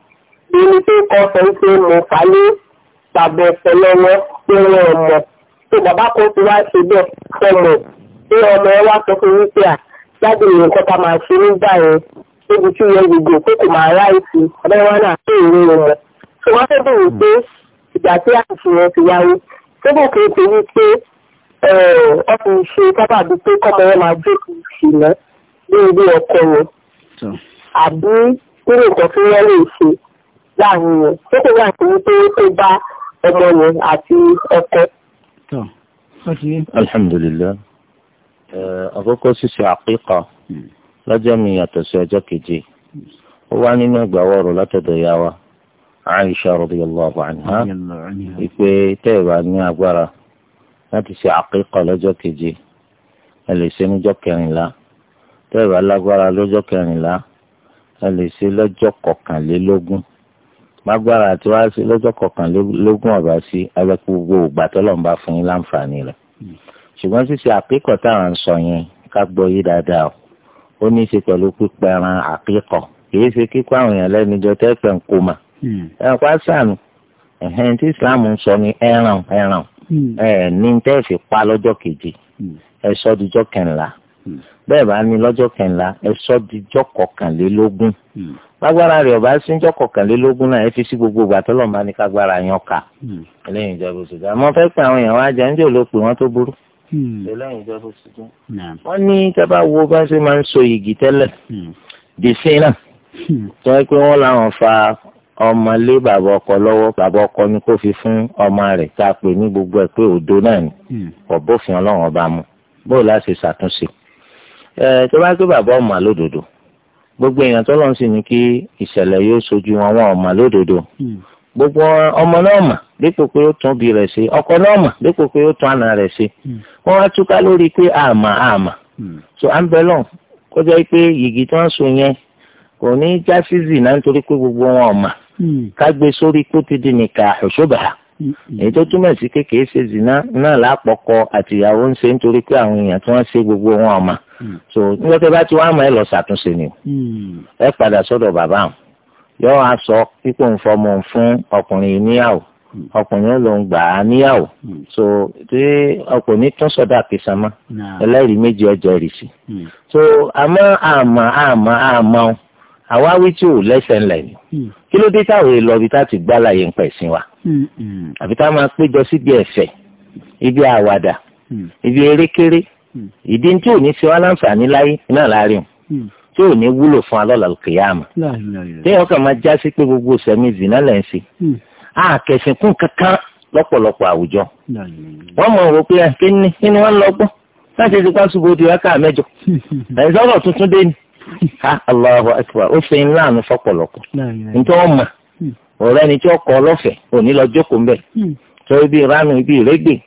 èyí tó kọ́ sọ wípé mo fà ní bàbá ẹ̀fẹ̀ lọ́wọ́ pé wọ́n mọ̀ pé bàbá kan ti wá ṣe bẹ́ẹ̀ fẹ́ mọ̀ pé ọmọ ẹ wá sọ fún wípé à láti lè nǹkan tá máa ṣe nígbà yẹn níbi tí yẹn gbogbo pé kò máa ráìsì ọlọ́wọ́ náà pé èrè wọn. tó wọ́n fẹ́ bèrè pé ìgbà tí àìsí yẹn ti wáyé síbò kì í ṣe wí pé wọ́n fi ṣe sábàbí pé kọ́mọ yẹn máa jókòó ìṣìnà ní ilé ọkọ wọn. àbí kí ni nǹkan tí wọ́n lè ṣe láàrin yẹn tó kò wà sí wípé tó bá ọmọ yẹn àti ọkọ. alhamdulilayi. Eh, àkókò ṣíṣe àkíkà hmm. lọ́jọ́ mi yàtọ̀ sí ọjọ́ keje ó wá nínú ìgbàwọ̀ ọ̀rọ̀ látọ̀dọ̀ ìyá wa Aisha radiyallahu anha ìpè tẹ́ ní agbára láti ṣe keje ẹ lè ṣe kẹrìnlá lágbára kẹrìnlá ẹ lè ṣe kọkànlélógún lágbára àti wá sí ṣùgbọ́n ṣíṣe àkíkọ̀ táwọn ń sọ yẹn ká gbọ́ yí dáadáa ó ní í ṣe pẹ̀lú pípẹran àkíkọ̀ kìí ṣe kíkọ́ àwọn èèyàn lẹ́nu jọ tẹ́fẹ̀ ń kó mà. Hmm. ẹ̀rọ pa sànù tí Islam ń sọ ní ẹran ẹran hmm. ẹ̀ ní tẹ́ẹ̀fì pa lọ́jọ́ kejì hmm. ẹ sọ dijọ́ kẹ̀ńlá bẹ́ẹ̀ bá ní lọ́jọ́ kẹ̀ńlá ẹ sọ dijọ́ kọkànlélógún lágbára rẹ̀ ọba síjọ́ kọkànlélógún náà ẹ fi sí gbogbo ìgbà tó lọ́ọ́ máa ní kágbára yan ká ẹlẹ́yìn ìjọba òṣèlú àmọ́ fẹ́ pé àwọn èèyàn wá jẹ́ ń jò ló pè wọ́n tó burú eléyìí hmm. jẹ́ bó ti jẹ́. wọ́n ní tábà wo bá ṣe máa ń so igi tẹ́lẹ̀ hmm. dèsí náà hmm. tó yẹ pé wọ́n làwọn fa ọmọ lé bàbá ọkọ lọ́wọ́ bàbá ọkọ ni kó fi fún ọmọ rẹ̀ tá a pè ní gbogbo ẹ̀ pé òdo náà ni ọ̀bọ̀fin ọlọ́run ọba mu bóyá láti ṣàtúnṣe tó bá gbé bàbá ọmọ lódodo gbogbo èèyàn tó lọ́n sì ní kí ìṣẹ̀lẹ̀ yóò sojú wọn ọmọ lódodo gbogbo ọmọ náà mà dípò pé ó tún bí rẹ̀ ṣe ọkọ náà mà dípò pé ó tún àna rẹ̀ ṣe hmm. wọ́n wá túká lórí pé àmà àmà hmm. so à ń bẹ lọ kó jẹ́ pé yìgì tí wọ́n so yẹn kò ní já sí zìnà nítorí pé gbogbo wọn ọ̀mà hmm. ká gbé sórí kó ti di nìka àṣọbà èyí tó túmọ̀ sí kékeré ṣe zìnà náà lápọ̀kọ àtìyàwó ń ṣe nítorí pé àwọn èèyàn tí wọ́n ṣe gbogbo wọn ọ̀mà so nígbà tó bá ti wá mọ̀ ẹ lọ ṣàtúnṣe ni ẹ padà sọ́dọ̀ bàbá àwọn yóò wá sọ pípò ń fọmọ fún ọkùnrin níyàwó hmm. ọkùnrin ló ń gbà á níyàwó hmm. so tí ọkùnrin tún sọdọ àkísàmá ẹlẹ́rìí méjì ọjọ́ rì sí hmm. so àmọ́ àmọ́ àmọ́ àmọ́ àwáwí tí ò lẹ́sẹ̀ ńlẹ̀ ni kí ló dé táwọn èèlò ibi tá ti gbá láàyè ń pẹ̀ sí wa àbí tá máa péjọ síbi ẹ̀fẹ̀ ibi àwàdà ibi erékeré ìdí tí ò ní ṣe wá láǹfààní láyé náà láàrin tí ò ní wúlò fún alọ́lá kìyàmù téèyàn kàn máa já sí pé gbogbo sẹ́mi zina lẹ́ ń ṣe àkẹ́sìn hmm. kún kankan lọ́pọ̀lọpọ̀ àwùjọ wọ́n mọ̀ wò pé ah, kí ni kí ni wọ́n lọ gbọ́ láti ti pa ṣubú di wákà mẹ́jọ ẹ̀sọ́rọ̀ tuntun dé ni Allahu akbar ó fi ńlá àánú fọ́pọ̀lọpọ̀ nítorí wọ́n mọ̀ hmm. ọ̀rẹ́ ni tí ó kọ́ ọlọ́fẹ̀ẹ́ òní lọ jókòó ń bẹ̀ torí hmm. bí ránù ìrẹ́gbẹ̀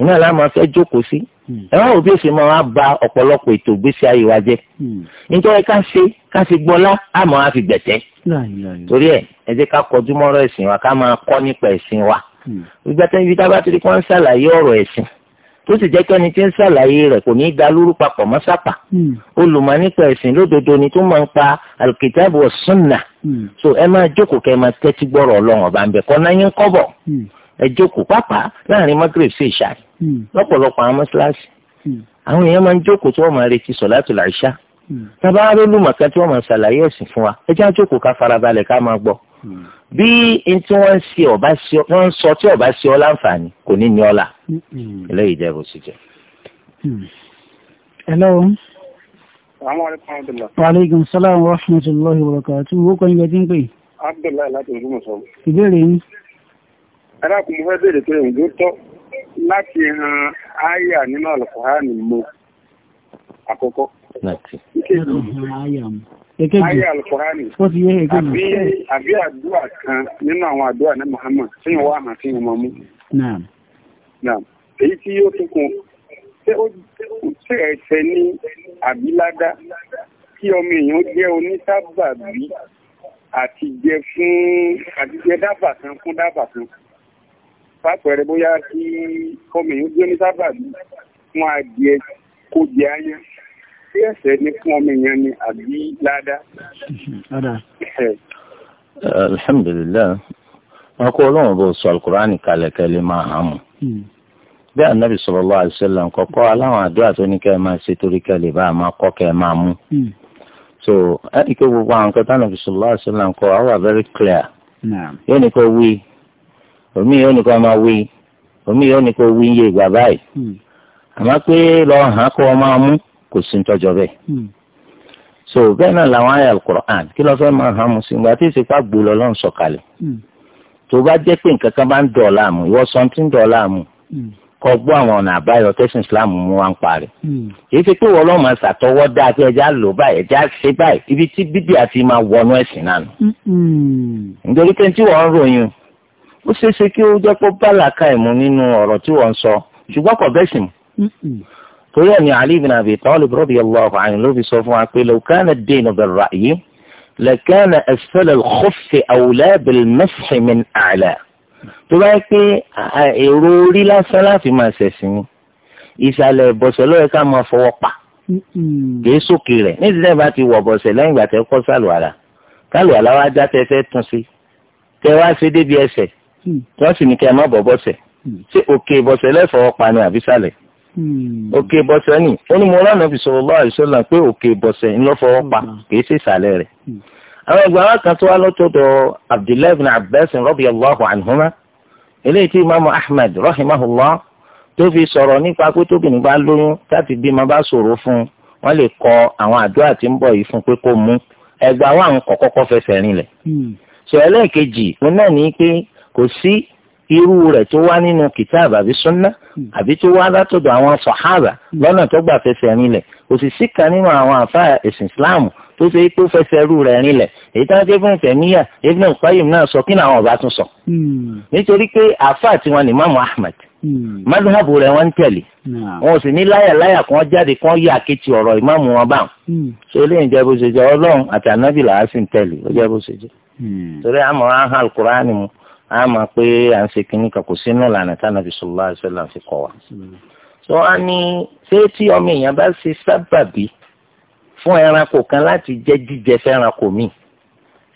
iná làwọn máa fẹ́ jókòó sí Hmm. ẹ wá òbí òsè máa ba ọ̀pọ̀lọpọ̀ ètò ìgbésí ayé wa jẹ́ hmm. nítorí ká ṣe ká ṣe gbọ́lá àmọ́ á fi gbẹ̀tẹ́ torí ẹ ẹ jẹ́ ká kọjú mọ́rọ̀ ẹ̀sìn wa ká máa kọ́ nípa ẹ̀sìn wa hmm. ìgbà tẹ́ni ibi tábà tiri kí wọ́n ń ṣàlàyé ọ̀rọ̀ ẹ̀sìn tó sì jẹ́ kí ẹni tí ń ṣàlàyé rẹ̀ kò ní í da lóru papọ̀ mọ́ sápà olùmọ̀ nípa ẹ̀sìn lódodo ni tó máa ń pa alkitabu wa so ẹ máa jókòó kẹ́ ẹ máa tẹ́tí gbọ́rọ̀ ọlọ́run ọ̀bà ń bẹ̀ kọ́ náà yín kọ́bọ̀ ẹ jókòó pápá láàrin magreth sí ìṣáì Hmm. lọ́pọ̀lọpọ̀ àwọn mọ́ṣáláṣí hmm. àwọn èèyàn máa ń jókòó tí wọ́n máa retí sọ̀látùl Ìṣá hmm. tábà arólù màkà tí wọ́n máa ṣàlàyé ẹ̀sìn fún wa ẹ jẹ́ àjókòó ká farabalẹ̀ ká máa gbọ́ bí n tí wọ́n ń sọ tí ọba sí ọ láǹfààní kò ní ní ọ̀la eléyìí jẹ́ bó ṣe jẹ́. hello. wa aleykum salaam wa rahmatulahi wa barakatuh wo kàn yẹ ti ń pè. abdullahi láti ojú mọ̀ sọ. ìbéèrè yín. ẹ dákun mo fẹ́ béèrè pé láti han àyà nínú àlùkùránì mo àkọ́kọ́. Àyà àlùkùránì àbí àdúrà kan nínú àwọn àdúrà ní Muhammad tí wọ́n wá hàn sí ọmọ mú. Èyí tí yóò tún kun, ṣé ẹ̀ṣẹ̀ ní àbíládá kí ọmọ èèyàn jẹ́ onísábàbí àti jẹ fún àti jẹ dábàá kan fún dábàá kan fàpẹẹrẹ bóyá kí ọmọnìyàn jẹ́ onísábàbí fún adìẹ kó jẹ ayán sí ẹ̀ṣẹ̀ ní fún ọmọnìyàn ni àbí ládá. alhamdulilayi wọn kó ọlọ́run bó sọ alukurani kalẹ̀kẹ́lẹ́ máa hàn mú hmm. bí anabi sallallahu alaihi wasallam kọ́kọ́ aláwọn àdúrà tó ní kẹ́ ẹ máa ṣe torí kẹ́ lè bá a máa kọ́ kẹ́ ẹ máa mú. Hmm. so ẹnì kí gbogbo àwọn kẹta anabi sallallahu alaihi wasallam kọ́ àwọn very clear yóò ní kó wí omi yóò ní kó máa wí omi yóò ní kó wí iye ìgbà báyìí hmm. àmọ́ pé lọ hàn kó máa mú kò sí nítọ́jọ́ bẹ́ẹ̀ hmm. so bẹ́ẹ̀ náà làwọn àyà alukur'an kí ló fẹ́ máa hàn mú sí ìgbà tí ìsìnká gbó lọ lọ́n sọ̀kalẹ̀ hmm. tó bá jẹ́ pé nǹkan kan bá ń dọ̀ láàmú ìwọ sọ́n ti ń dọ̀ láàmú kọ gbọ́ àwọn ọ̀nà àbáyọ tẹ́sán islam mú wa ń parí. èyí ti pé wọ́n lọ́mọ ṣàtọwọ́ dáa pé ẹja lò báyìí ẹja ṣe báyìí ibi tí bíbí àti máa wọnú ẹ̀sìn náà nù. nítorí pé tí wọ́n ń ròyìn ó ṣeéṣe kí ó jẹ́ kó bá làákàyè mu nínú ọ̀rọ̀ tí wọ́n ń sọ ṣùgbọ́n kò bẹ́ẹ̀ sì mu. torí ẹ̀ ní Ali ibn Abi Talib radiyallahu anhu ló fi sọ fún wa pé law kana ad-dinu bir-ra'yi lakana asfala al-khuffi awla bil tó bá yẹ pé èrò orí lásán láti máa ṣẹ̀sìn ni ìsàlẹ̀ ìbọ̀sẹ̀ ló ká máa fọwọ́ pa kìí sókè rẹ̀ ní ìdílé bá ti wọ̀ tí hmm. wọ́n sì ní kí ẹ má bọ̀ bọ́sẹ̀ hmm. ṣé òkè bọ́sẹ̀ lẹ́fọ̀ọ́ pa ni àbísàlẹ̀ hmm. òkè bọ́sẹ̀ ni ó ní mo rán àbí sallallahu alaihi wasallam pé òkè bọ́sẹ̀ ń lọ́fọ̀ọ́ pa kì í ṣe ìsàlẹ̀ rẹ̀. àwọn ẹgbẹ́ wa kan tó wá lọ́tọ̀dọ̀ Abdullahi bin Abbas radiyallahu anhuma eléyìí tí imaamu Ahmad rahimahullah tó fi sọ̀rọ̀ nípa pé tóbìnrin bá lóyún láti bímọ bá ṣòro fún un lè kọ àwọn àdúrà tí ń bọ̀ yìí fún pé kó mú ẹgbẹ́ wa ń kọ̀kọ́kọ́ fẹsẹ̀ rinlẹ̀. sọ ẹlẹ́ẹ̀kejì òun náà ní pé kò sí irú rẹ̀ tó wá nínú kìtáàb àbí súnná hmm. àbí tó wá látọ̀dọ̀ àwọn sàhábà hmm. lọ́nà tó gbà fẹsẹ̀ rinlẹ̀ kò sì sí kan nínú àwọn àfa ẹ̀sìn islam tó ṣe pé fẹsẹ̀ rú rẹ̀ rinlẹ̀ èyí tá a ṣe fún ìfẹ̀míyà Ibn Qayyim náà sọ kí làwọn ọba tún sọ. Hmm. nítorí pé àfa tiwọn ni mamu ahmed madhabu rẹ̀ wọ́n ń tẹ̀lé wọn ò sì ní láyàláyà kan jáde kan yí àkejì ọ̀rọ̀ ìmáàmù wọn bá wọn. ṣé eléyìí jẹ́ bó ṣe jẹ́ ọlọ́run àti ànábìlà á ń tẹ̀lé ó jẹ́ bó ṣe jẹ́. torí àmọ́ ahàn alukur'ani mu a máa pé à ń ṣe kínní kan kò sínú ìlànà tí Ànábì sallallahu alaihi wasallam fi kọ́ wa. so a ní ṣé tí ọmọ èèyàn bá ṣe sábàbí fún ẹranko kan láti jẹ jíjẹ fẹ́ranko míì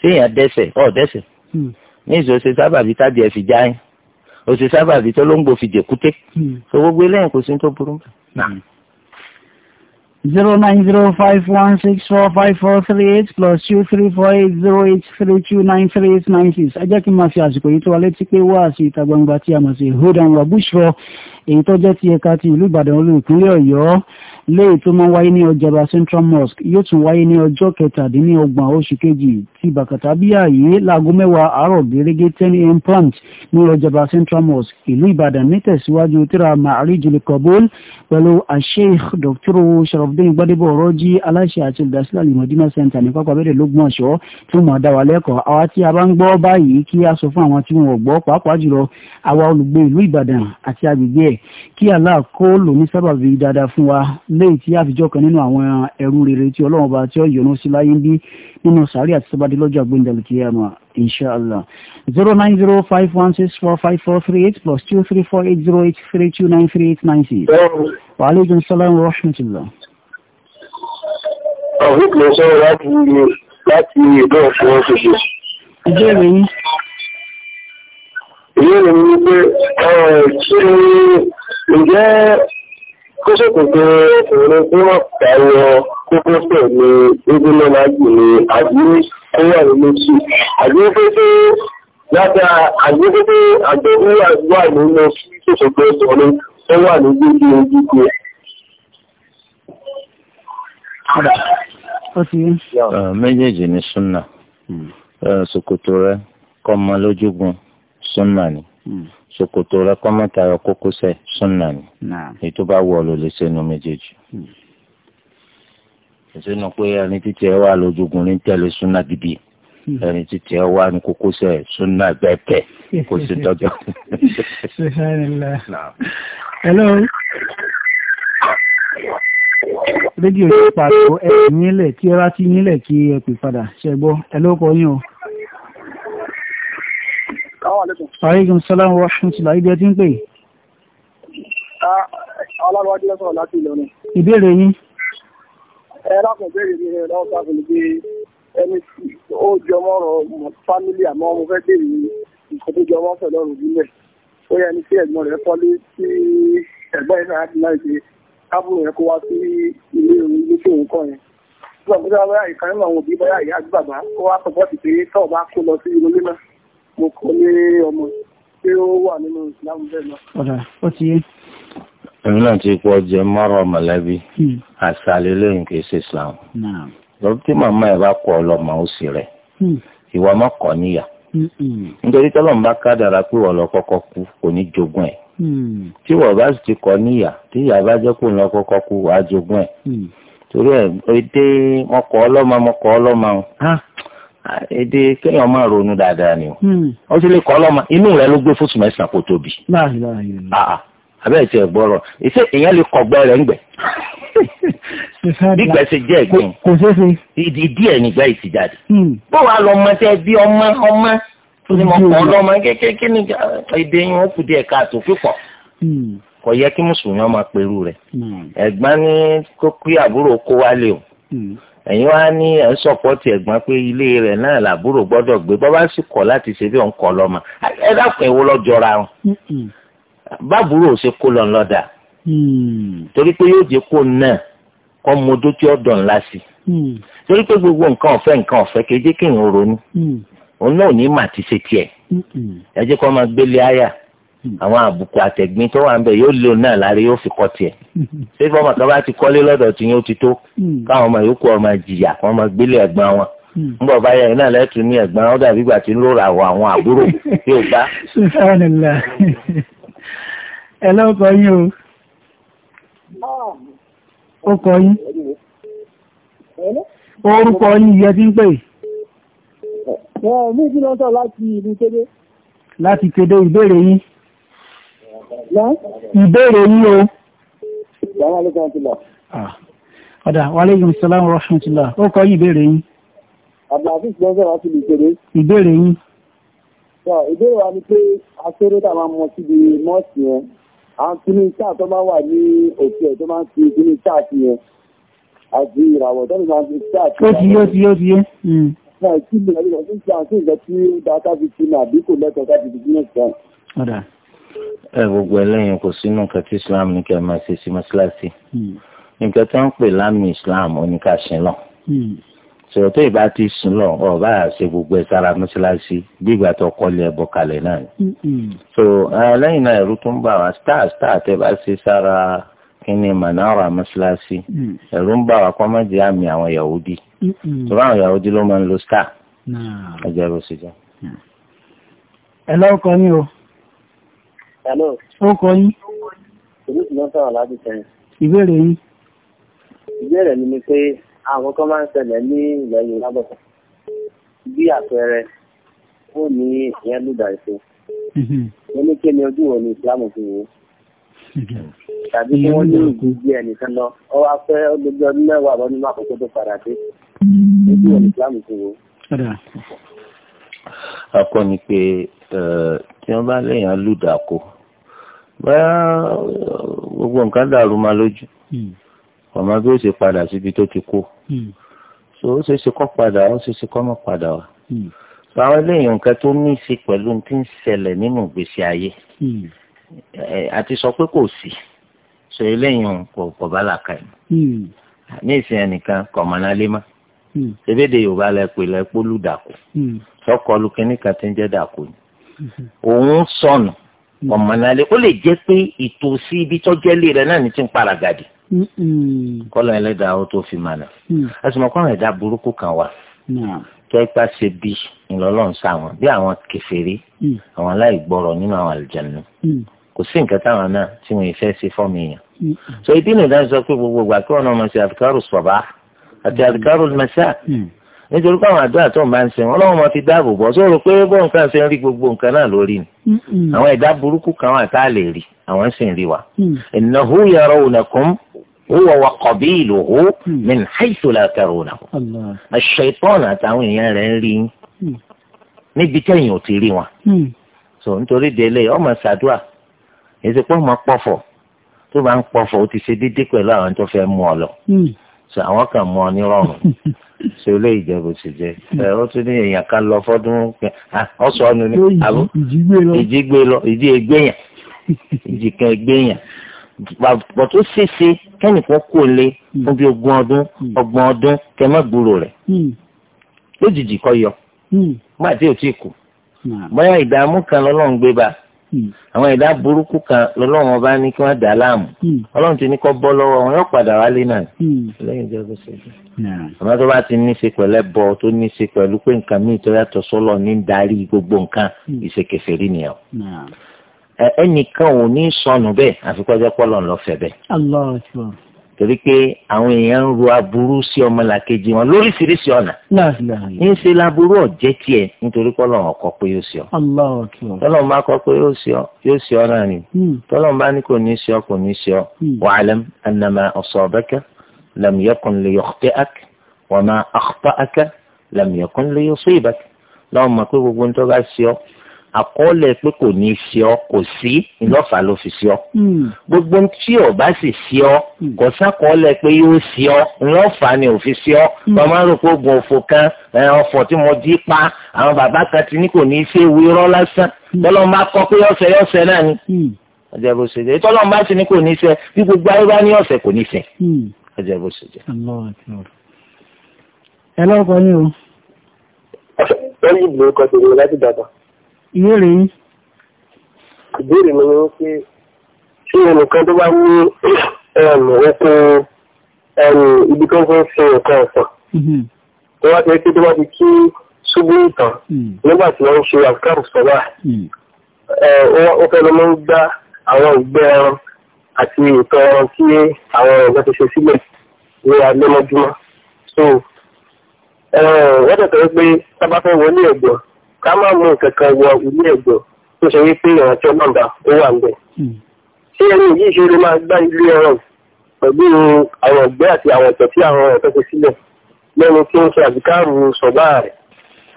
ṣé èèyàn dẹ́ṣẹ̀ ọ̀ dẹ́ṣẹ̀ hmm. ní ìṣó ṣe sábàbí tàbí ẹ̀ fi já ṣe sábàbí tó ló ń gbò fi jẹ̀kúté hmm. so gbogbo eléyìí kò sí tó burú zero nine zero five one six four five four three eight plus two three four eight zero eight three two nine three eight nine six ẹ jẹ́ kí n máa fi àsìkò yìí tó wa létí pé wá sí ìta gbangba tí a mọ̀ sí hodan wabushro èyí tó jẹ́ ti ẹ̀ka ti ìlú Ìbàdàn olú ìpínlẹ̀ Ọ̀yọ́ léyìí tó máa wáyé ní ọjàba Central Mosque yóò tún wáyé ní ọjọ́ kẹtàdínlọ́gbọ̀n oṣù kejì ti bàkàtà bíyà yìí láago mẹ́wàá àárọ̀ gẹ́gẹ́ ten am prompt ní ọjàba Central Mosque ìlú Ìbàdàn nítẹ̀síwájú tíra ma'arijul qabul pẹ̀lú àṣeyìí dr sharaf sharafdin gbadebo ọrọjí aláṣẹ àti olùdásílẹ̀ alimọdínà center ní pápá abẹ́rẹ́ lógún ọ̀ṣọ́ tí wọn dá wa lẹ́kọ̀ọ́ àwa tí a bá ń gbọ́ báyìí kí a sọ fún àwọn tí wọn ò gbọ́ pàápàá jùlọ àwa olùgbé ìlú ìbàdàn àti agbègbè ẹ̀ kí Allah kó lò ní sábàbí dáadáa fún wa lẹ́yìn tí àfijọ́ kan nínú àwọn ẹrú rere tí ọlọ́run bá tí ó yọ́nú sí láyé ń bí nínú sàárì àti sábàdí lọ́jọ́ àgbéǹdàlùkìyàmà inshallah zero nine zero five one six four five four three eight plus two three four eight zero eight three two nine three eight nine six. waaleykum salaam wa rahmatulah ọ̀hún lọ sọ́rọ̀ láti láti ìbọn fún ọ̀ṣọ́ṣọ́. ìbéèrè yìí ìbéèrè yìí pé kí ni ǹjẹ́ kó ṣètòkè ọkùnrin tí wọ́n pààyọ kókósẹ̀ ní gbígbóná lágbì ní àgbíní tó wà ní méjì àgbífẹ́fẹ́ láti àgbífẹ́fẹ́ àgbẹ̀wò àgbà nínú ṣètòkè ọkùnrin tó wà ní gbígbóná méjèèjì ni súnà hmm. ṣòkòtò rẹ kọ́ ọmọ lójúgun súnà ni hmm. ṣòkòtò rẹ kọ́ mọ́ta rẹ kókósẹ̀ súnà ni èyí tó bá wọ̀ ló lè sẹ́nu méjèèjì. ìṣẹ́nu hmm. pé ẹni títí ẹ wà lójúgun ní tẹ̀lé súnà gidi ẹni títí ẹ wà ní kókósẹ̀ súnà bẹ́ẹ̀ kò sí dọ́jọ́. hello rédíò yìí pàtó ẹ yín lẹ̀ kí ẹ bá ti yín lẹ̀ kí ẹ pè padà ṣe gbọ́ ẹ ló kọ yín o. aleykum salaam wa rahmatulah ibi ẹ ti ń pè. Ah, ọlọ́run adé lọ́sọ̀rọ̀ láti Ìlọrin. ìbéèrè yín. ẹ lákùn bẹ́ẹ̀ ni ẹ lọ́wọ́ sáfù ní pé ẹni ó jọmọ́ ọ̀rọ̀ fámílì àmọ́ mo fẹ́ béèrè nǹkan tó jọmọ́ fẹ̀ lọ́rùn nílẹ̀ ó yẹ ẹni tí ẹ̀gbọ́n rẹ̀ kọ́lé sí ẹ̀gbọ́n ẹ̀ kábùrò yẹn kó wá sí ilé orin ilé tí òun kọ́ yẹn nígbà tó dáa báyà ìkan nínú àwọn òbí báyà ìyá àti bàbá ó wá sọ bọ́ọ̀sì pé tọ́ bá kó lọ sí ilé náà mo kọ́ lé ọmọ pé ó wà nínú ìsìlámù bẹ́ẹ̀ náà. ọ̀dà ó ti yé. èmi náà ti kọ́ jẹ mọ́rọ̀ mọ̀lẹ́bí hmm. àṣàlẹ̀ lẹ́yìn kì í ṣe islam lọ́dún tí màmá ẹ̀ bá kọ́ ọlọ́mọ ó sì rẹ̀ hmm. ìwà mọ́kọ̀ níyà hmm, nítorí tọ́lọ́mù bá kádàrá pé wọ́n kọ́kọ́ kú kò ní jogún ẹ̀ tí wọ́n bá ti níyà tí ìyá bá jẹ́ kó ń lọ kọ́kọ́ kú àjogún ẹ̀ hmm. torí ẹ̀ èdè mọkọ ọlọ́mọ èdè kéèyàn máa ronú dáadáa ni o hmm. ó sì lè kọ́ inú rẹ̀ ló gbé tóbi ah, ah. abẹ́ ti ẹ̀ gbọ́rọ̀ ìṣe lè rẹ̀ ń gbígbẹ́ ṣe jẹ́ ìdí nígbà ìtìjáde hmm. bó wàá lọ tó ní mo kọ́ ọlọ́mọ kékeré ní ah, èdè yín wọ́n kù díẹ̀ káàtó fífọ̀ hmm. kò yẹ kí mùsùlùmí ọmọ pẹ̀lú rẹ̀ hmm. ẹ̀gbọ́n ní kó kí àbúrò kó wálé o hmm. ẹ̀yin wá ní ẹ̀ ń sọ̀pọ̀tì ẹ̀gbọ́n pé ilé rẹ̀ náà làbúrò gbọ́dọ̀ gbé bọ́ bá sì kọ̀ láti ṣe bí òun kọ̀ lọ́mọ ẹ dákun ẹ̀wọ́ lọ́jọ́ra wọn báàbúrò ṣe kó lọ lọ́dà torí pé yóò jẹ́ kó náà kọ́ mọ́dó tí ó dàn ńlá sí torí pé gbogbo nǹkan ọ̀fẹ́ nǹkan ọ̀fẹ́ kejì òun náà ò ní mà ti ṣe tiẹ̀ mm-hmm. ẹ jẹ́ kó máa gbélé àyà mm-hmm. àwọn àbùkù àtẹ̀gbin tó wà ń bẹ̀ yóò lò náà lára yóò fi kọ́ tiẹ̀ mm-hmm. ṣé fọmọ ti kọ́lé lọ́dọ̀ tí yóò ti tó káwọn ọmọ yòókù ọmọ jìyà kó máa gbélé ẹ̀gbọ́n wọn nbọ báyà iná lẹ́tù ní ẹ̀gbọ́n Wọ́n mú kí lọ́tọ̀ láti ìlú kéde. Láti kéde ìbéèrè yín. Ìbéèrè yín o. Ọ̀dà, wa alaykum assalam wa rahmatullah. Ó kọ́ yí ìbéèrè yín. Àbúràfíì ti lọ́tọ̀ láti ìlú kéde. Ìbéèrè yín. Ìbéèrè wa ni pé aṣọ́rẹ́ tàbí mọ́ síbi mọ́ọ̀sì yẹn. Àwọn kìíní sáà tó bá wà ní òkè tó Àti ìràwọ̀ tó lè sí yẹn. Ó ti yé, hmm náà kí ló ń lọ sí ṣe àti tí ó da káfí ti nà àbí kò lẹ́tọ̀ọ́ káfí ti bímọ sàn. ẹ gbogbo ẹlẹ́yin kò sínú nǹkan tí islam ní kí ẹ máa ṣe sí mọ́ṣáláṣí hmm. nǹkan tí wọ́n ń pè lámì islam oníkàṣin lọ hmm. sọ̀rọ̀ tó ìbá ti sùn lọ ọba àṣẹ gbogbo ẹ̀ sára mọ́ṣáláṣí bí ìgbà tó kọ́lé ẹbọ kalẹ̀ náà ni. Hmm, so lẹ́yìn náà ẹ̀rú tó ń bà wá star star tẹ́ bá ṣe sára kí ni manara mọ́ṣáláṣí ẹ̀rú ń bà wá kọ́mọ́dé àmì àwọn Yahudi tọ́lá àwọn Yahudi ló máa ń lo star ọjọ́ ìbò sí ẹ lọ́kọ ní o. ó kọ yín. ìbéèrè yín. ìbéèrè mi ni pé àwọn kan máa ń ṣẹlẹ̀ ní ilẹ̀ Yorùbá bọ̀ bí àpẹẹrẹ ó ní ìyẹn lùdà ìṣe wọ́n mm-hmm. ní kí ni ojú wo ni Islam fi wò tàbí kí wọ́n ní ìdí ẹnìkan lọ ọ wá fẹ́ ó ọdún mẹ́wàá lọ́dún tó padà dé ojú wọn ìsìlámù ti wo. akọ ni pé tí wọn bá lẹ́yìn alúdàkọ báyà gbogbo nǹkan dàrú ma lójú ọmọ hmm. bí ó ṣe padà síbi tó ti kú hmm. so ó ṣe ṣe kọ́ padà ó ṣe ṣe kọ́ mọ́ padà wá hmm. so àwọn eléyìí nǹkan tó ní í ṣe pẹ̀lú tí ń ṣẹlẹ̀ nínú ìgbésí ayé àti sọ pé kò sí so eléyìí kò kò bá làkà ní ìsìn ẹnìkan kọ̀mọ́nálé má. Hmm. ebéde yorùbá lẹ pè lẹ pólú dàkú hmm. sọkọlù kínní kan ti ń jẹ dàkú ni hmm. òun sọnù ọmọnálẹ ó lè jẹ pé ìtòsí ibi tọjẹlé rẹ náà ní ti ń paragàdì kọlọ ẹlẹdàá ó tó fi mànà ẹsùn mọ kọrin ẹ̀dá burúkú kan wà tó ṣe bí ńlọlọrun sáwọn bí àwọn kẹfẹẹrí àwọn aláìgbọrọ nínú àwọn àlùjànnú kò sí nǹkan táwọn náà tí wọn fẹẹ ṣe fọmìyàn so ìdí nìdájọ pé gbogbo ìgbà kí wọn náà mọ sí àfikárù sọba àti àdìkárò hmm. mẹ́sà hmm. nítorí káwọn àdúrà tó máa ń sẹ́wọ̀n ọlọ́run máa fi dáàbò bọ́ sóòrò pé bó nǹkan ṣe ń rí gbogbo nǹkan náà lórí ni hmm. àwọn ẹ̀dá burúkú kan wà tá a lè rí àwọn sì ń rí wa. innahu yarawnakum huwa wa qabiluhu min haythu la tarawnahum. ash-shaytan àtàwọn èèyàn rẹ̀ ń rí yín níbi tẹ̀yìn ò ti rí wọn. so nítorí délé ọmọ ṣàdúà èsì pé ọmọ pọ̀fọ̀ tó bá ń pọ̀fọ̀ ó ti ṣe déédéé pẹ̀lú àwọn tó fẹ́ mú ọ lọ so àwọn kan mọ ọ nírọ̀rùn ṣe ilé ìjẹbù sì jẹ ẹ ó tún ní èèyàn kan lọ fọdún ọsọ ọnu ní àbú ìjígbé lọ ìdí ẹgbẹyàn ìjìkan ẹgbẹyàn bọ̀ tó ṣeéṣe kẹ́nìkan kò lé hmm. fún bí ogún ọdún hmm. ọgbọ̀n ọdún kẹmẹ́gbúrò rẹ̀ hmm. lójijì kọ́ yọ nígbà tí ò tí kù bóyá ìdààmú kan lọ́lọ́run gbé bá àwọn ẹ̀dá burúkú kan lọ́lọ́run ọba ní kí wọ́n dà láàmú hmm. ọlọ́run ti ní kọ́ bọ́ lọ́wọ́ wọn yóò padà wálé náà hmm. lẹ́yìn ìjọba bó ṣe jẹ́. àmọ́ tó bá ti ní í ṣe pẹ̀lú ẹbọ tó ní í ṣe pẹ̀lú pé nǹkan míì tó yàtọ̀ sọ́lọ̀ ní ń darí gbogbo nǹkan hmm. ìṣèkèfè rí nìyẹn ẹnìkan ò ní sọnù bẹ́ẹ̀ àfikọ́jọ́ pọ́lọ́ ńlọ bẹ́ẹ̀ torí pé àwọn èèyàn ń ro aburú sí ọmọlàkejì wọn lóríṣiríṣi ọ̀nà ń ṣe laburú ọ̀jẹ́ tiẹ̀ nítorí kọ́lọ̀ ọkọ̀ pé yóò ṣe ọ́ tọ́lọ̀ bá kọ́ pé yóò ṣe ọ́ náà ni hmm. tọ́lọ̀ bá ní kò ní ṣe ọ́ kò ní ṣe ọ́ hmm. wa'lam annama asabaka lam yakun liyukhti'ak wa ma akhta'aka lam yakun liyusibak lọ́wọ́ mọ̀ pé gbogbo ń tọ́ àkọọ́lẹ̀ pé kò ní í ṣe ọ́ kò sí ńlọ́fà ló fi ṣe ọ́ hmm. gbogbo tí ò bá sì ṣe ọ́ hmm. kò sákọọ́lẹ̀ pé yóò ṣe ọ́ ńlọ́fà ni ò fi ṣe ọ́ màmá hmm. rò pé oògùn òfò kan ọ̀fọ̀ tí mo jí pa àwọn bàbá kan ti ní kò ní í ṣe ewu irọ́ lásán tọ́lọ́ máa kọ́ pé ọ̀sẹ̀ ọ̀sẹ̀ náà ni ọjà bó ṣe jẹ́ tọ́lọ́ máa ṣe ní kò ní í ṣe bí gbogbo ayé bá ní ọ̀sẹ̀ kò ní í ṣe ọjà ẹ ìbéèrè yín. ìbéèrè mi ni wípé ṣé ẹnìkan tó bá ní oko ibi tó ń fẹ́ ṣe nǹkan ọ̀sán mhm. tó wá ti rí pé tó bá ti kí ṣubú ìtàn mhm. nígbà tí wọ́n ń ṣe àfikàrù sọ́wà mhm. ó fẹ́ lọ́mọ́ ń gbá àwọn ìgbẹ́ ẹran àti ìtọ́ ẹran tí àwọn ọ̀gá ti ṣe sílẹ̀ ní alẹ́ mọ́júmọ́ wọ́n tẹ̀sán pé sábà fẹ́ wọlé ẹ̀gbọ́n ká má mú nǹkan kan wọ ilé ẹ̀gbọ́n tó ṣe wípé ìrántí ọlọ́ọ̀dà ó wà ńbẹ̀. Hmm. ṣé ẹni yìí ṣe lè máa gbá ilé ẹran pẹ̀lú àwọn ọ̀gbẹ́ àti àwọn ọ̀tọ̀ tí àwọn ọ̀tọ̀ ti sílẹ̀ lẹ́nu tí ó ń ṣe àbíkárù sọ̀bá rẹ̀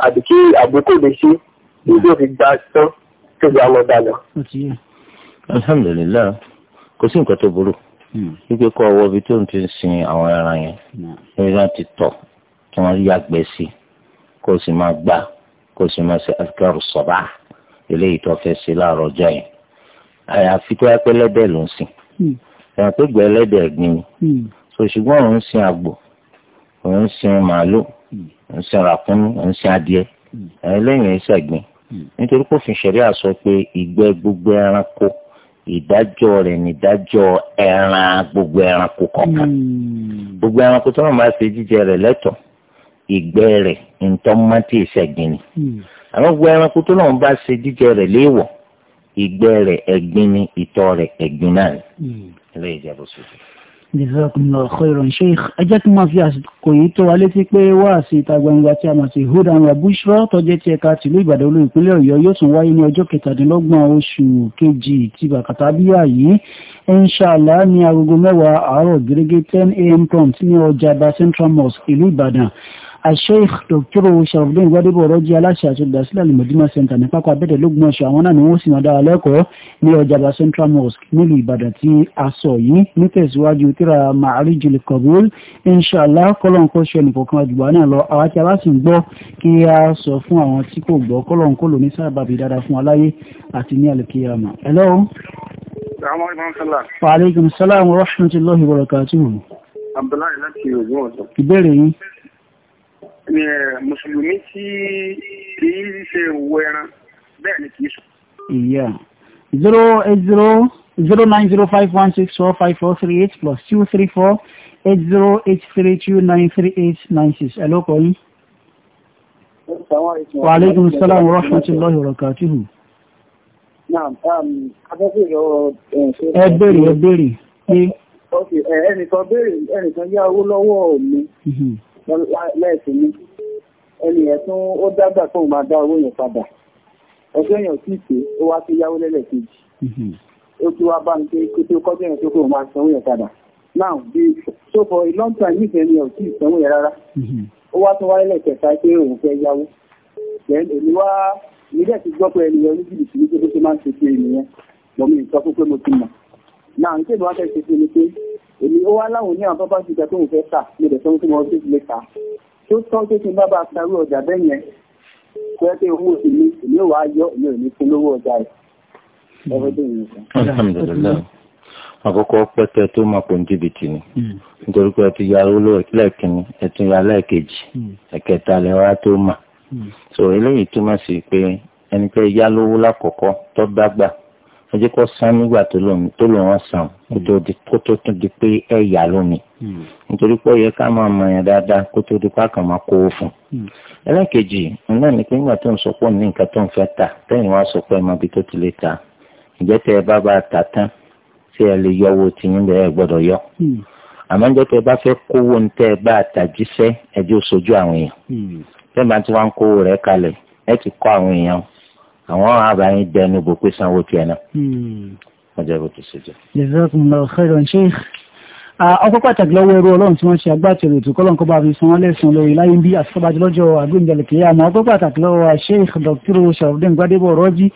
àbí kí àbíkò lè ṣe bí yóò fi gba tán tó gba ọmọ dàgbà. alhamdulilayi kò sí nǹkan tó burú hmm. wípé kọ́ ọwọ́ bí tó ń ti sin àwọn ẹran yẹn níbi hmm. wọn ti tọ̀ tí wọ́n yàgbẹ́ sí kó o sì máa gbà kó sì máa ṣe adkaru sabah eléyìí tó fẹ́ ṣe láàárọ̀ ọjọ́ yẹn àyàfi tó ẹpẹ́ lẹ́dẹ̀ ló ń sìn ẹ̀yàn hmm. tó gbẹ lẹ́dẹ̀ ẹ̀gbin ni hmm. so ṣùgbọ́n òun ń sin àgbò òun ń sin màálù hmm. òun ń sin ràkúnmí òun ń sin adìẹ ẹlẹ́yìn ìṣẹ̀gbìn nítorí kò fi ṣẹ̀rí àsọ pé ìgbẹ́ gbogbo ẹranko ìdájọ́ rẹ̀ nìdájọ́ ẹran gbogbo ẹranko kọ̀ọ̀kan gbogbo ẹranko tó náà máa ṣe jíjẹ rẹ̀ lẹ́tọ̀ọ́ ìgbẹ́ rẹ̀ ntọ́mọ́tì ìṣẹ̀gbìn ni. Hmm. àwọn gbogbo ẹranko tó náà bá ṣe jíjẹ rẹ̀ léèwọ̀ ìgbẹ́ rẹ̀ ẹ̀gbin ni ìtọ̀ rẹ̀ ẹ̀gbin náà ni. ilé ìjẹ́bù sókè. jazakumullahu khairan sheikh ẹ jẹ́ kí n máa fi àsìkò yìí tó wa létí pé wáàsí ìta gbangba tí a mọ̀ sí hudan wa bushra tọ́jẹ́ ti ẹ̀ka tìlú ìbàdàn olú ìpínlẹ̀ ọ̀yọ́ yóò tún wáyé ní ọjọ́ kẹtàdínlọ́gbọ̀n oṣù kejì ti bàkàtà bíyà yìí inṣàlá ní agogo mẹ́wàá àárọ̀ gẹ́gẹ́ ten a.m. prompt ní ọjà bá central mosque ìlú ìbàdàn asheikh dr sharafdin gbadebo ọrọjì aláṣẹ àti olùdásílẹ̀ alimọdúnmá center ní pápá abẹdẹ lógúnmọṣọ àwọn náà ni wọn sì máa dára lẹ́kọ̀ọ́ ní ọjàba central mosque nílùú ìbàdàn tí a sọ yìí nítẹ̀síwájú tíra ma'arijul qabul inshallah kọlọǹkọ ṣe nìkọkan àjùbọ náà lọ àwọn tí a bá sì ń gbọ́ kí a sọ fún àwọn tí kò gbọ́ kọlọǹkọ lò ní sábàbí dáadáa fún aláyé àti ní àlùkìyàmà mùsùlùmí tí kì í ṣe òwò bẹ́ẹ̀ ni kì í ìyá zero eight zero zero nine zero five one six four five four three eight plus two three four eight zero eight three two nine three eight nine six ẹ̀ ló kọ́ yín. wa aleykum salaam wa rahmatulahi wa barakatuhu. Um, eh, ẹ béèrè ẹ béèrè. Eh, ẹnìkan béèrè ẹnìkan yá owó lọ́wọ́ mi. Mm-hmm lẹ́ẹ̀sìn ní ẹni ẹ̀ tún ó dágbà tó máa dá owó yẹn padà ọjọ́ èèyàn sì pé ó wá sí yáwó lẹ́lẹ́kejì mhm. ó tún wá bá ń pé kó tó kọ́jọ́ yẹn tó kó máa sanwó yẹn padà now the so for a long time nífẹ̀ẹ́ ni ọ̀tí ìsanwó yẹn rárá mhm. ó wá tún wáyé lẹ́ẹ̀kẹta pé òun fẹ́ yáwó then èmi wá èmi dẹ̀ ti gbọ́ pé ẹni yẹn oníjìbìtì ní pé bó ṣe máa ń ṣe pé ènìyàn lọ́mọ ìsọkúpé mo ti mọ̀ now nítorí wọ́n fẹ́ ṣe pé ni pé èmi ó wá láwọn ní àwọn bá ti gbà tó ń fẹ́ tà mo dẹ̀ sọ pé mo ti lè ta tó tọ́ pé kí n bá bá sarú ọjà bẹ́ẹ̀ yẹn pé pé owó sì ní èmi ò wá yọ èmi ò ní fún lówó ọjà rẹ̀ hmm. alhamdulilayi àkọ́kọ́ pẹtẹ tó máa pọn jìbìtì ni hmm. nítorí pé ẹ ti ya olówó lẹ́ẹ̀kínní ẹ tún ya lẹ́ẹ̀kejì hmm. ẹ̀kẹta lẹwà tó mà so eléyìí túmọ̀ sí pé ẹnikẹ́ yá lákọ̀ọ́kọ́ tó dágbà ẹ jẹ́ kó san nígbà tó lòun tó lòun wọn san kó tó tún di pé ẹ yà lómi hmm. nítorí pé ó yẹ ká máa mọ yẹn dáadáa kó tó di pé àkàn máa kó o fún un. Hmm. ẹlẹ́kejì náà ni pé nígbà tó ń sọ pé òun ní nǹkan tó ń fẹ́ tà tẹ́yìn wá sọ pé ẹ mọ ibi tó ti lè ta ǹjẹ́ tẹ́ ẹ bá bá a tán tí ẹ lè yọwọ́ tí yín bẹ́ẹ̀ gbọ́dọ̀ yọ. Hmm. àmọ́ ń jẹ́ pé bá fẹ́ kówó ń tẹ́ ẹ bá àtàjíṣẹ́ ẹjọ́ sojú àwọn èèyàn àwọn àbáyín dẹnu bò pé sanwó tiẹ̀ náà. ọjọ́ hmm. bó ti ṣe jẹ́. jazakumullahu khairan sheikh ọkọ̀ pàtàkì lọ́wọ́ ẹrú ọlọ́run tí wọ́n ṣe agbátẹrù ètò kọ́lọ́n kọ́ bá fi san lẹ́sùn lórí láyé bí àtúbàjì lọ́jọ́ àgbéǹdẹ̀lẹ̀ kìí àmọ́ ọkọ̀ pàtàkì lọ́wọ́ sheikh dr sharafdin gbadebo rọ́jí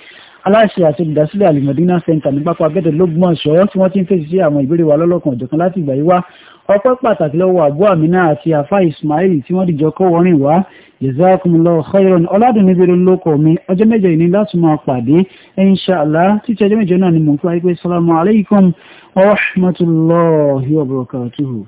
aláṣẹ àti olùdásílẹ̀ alimọ̀dínà center ní pápá abẹ́tẹ̀ lọ́gbọ̀nsọ̀ tí wọ́n ti ń fèsì sí àwọn ìbéèrè wa lọ́lọ́kan òjọ̀kan láti ìgbà yìí wá ọpẹ́ pàtàkì lọ́wọ́ àbú àmìnà àti àfá ismail tí wọ́n dìjọ kọ́ wọ́rin wá jazakumullahu khairan ọládùn níbi olóko mi ọjọ́ mẹ́jọ ìní láti máa pàdé inshallah títí ọjọ́ mẹ́jọ náà ni mò ń fún àìpé salamu alaykum wa rahmatullahi wa barakatuhu.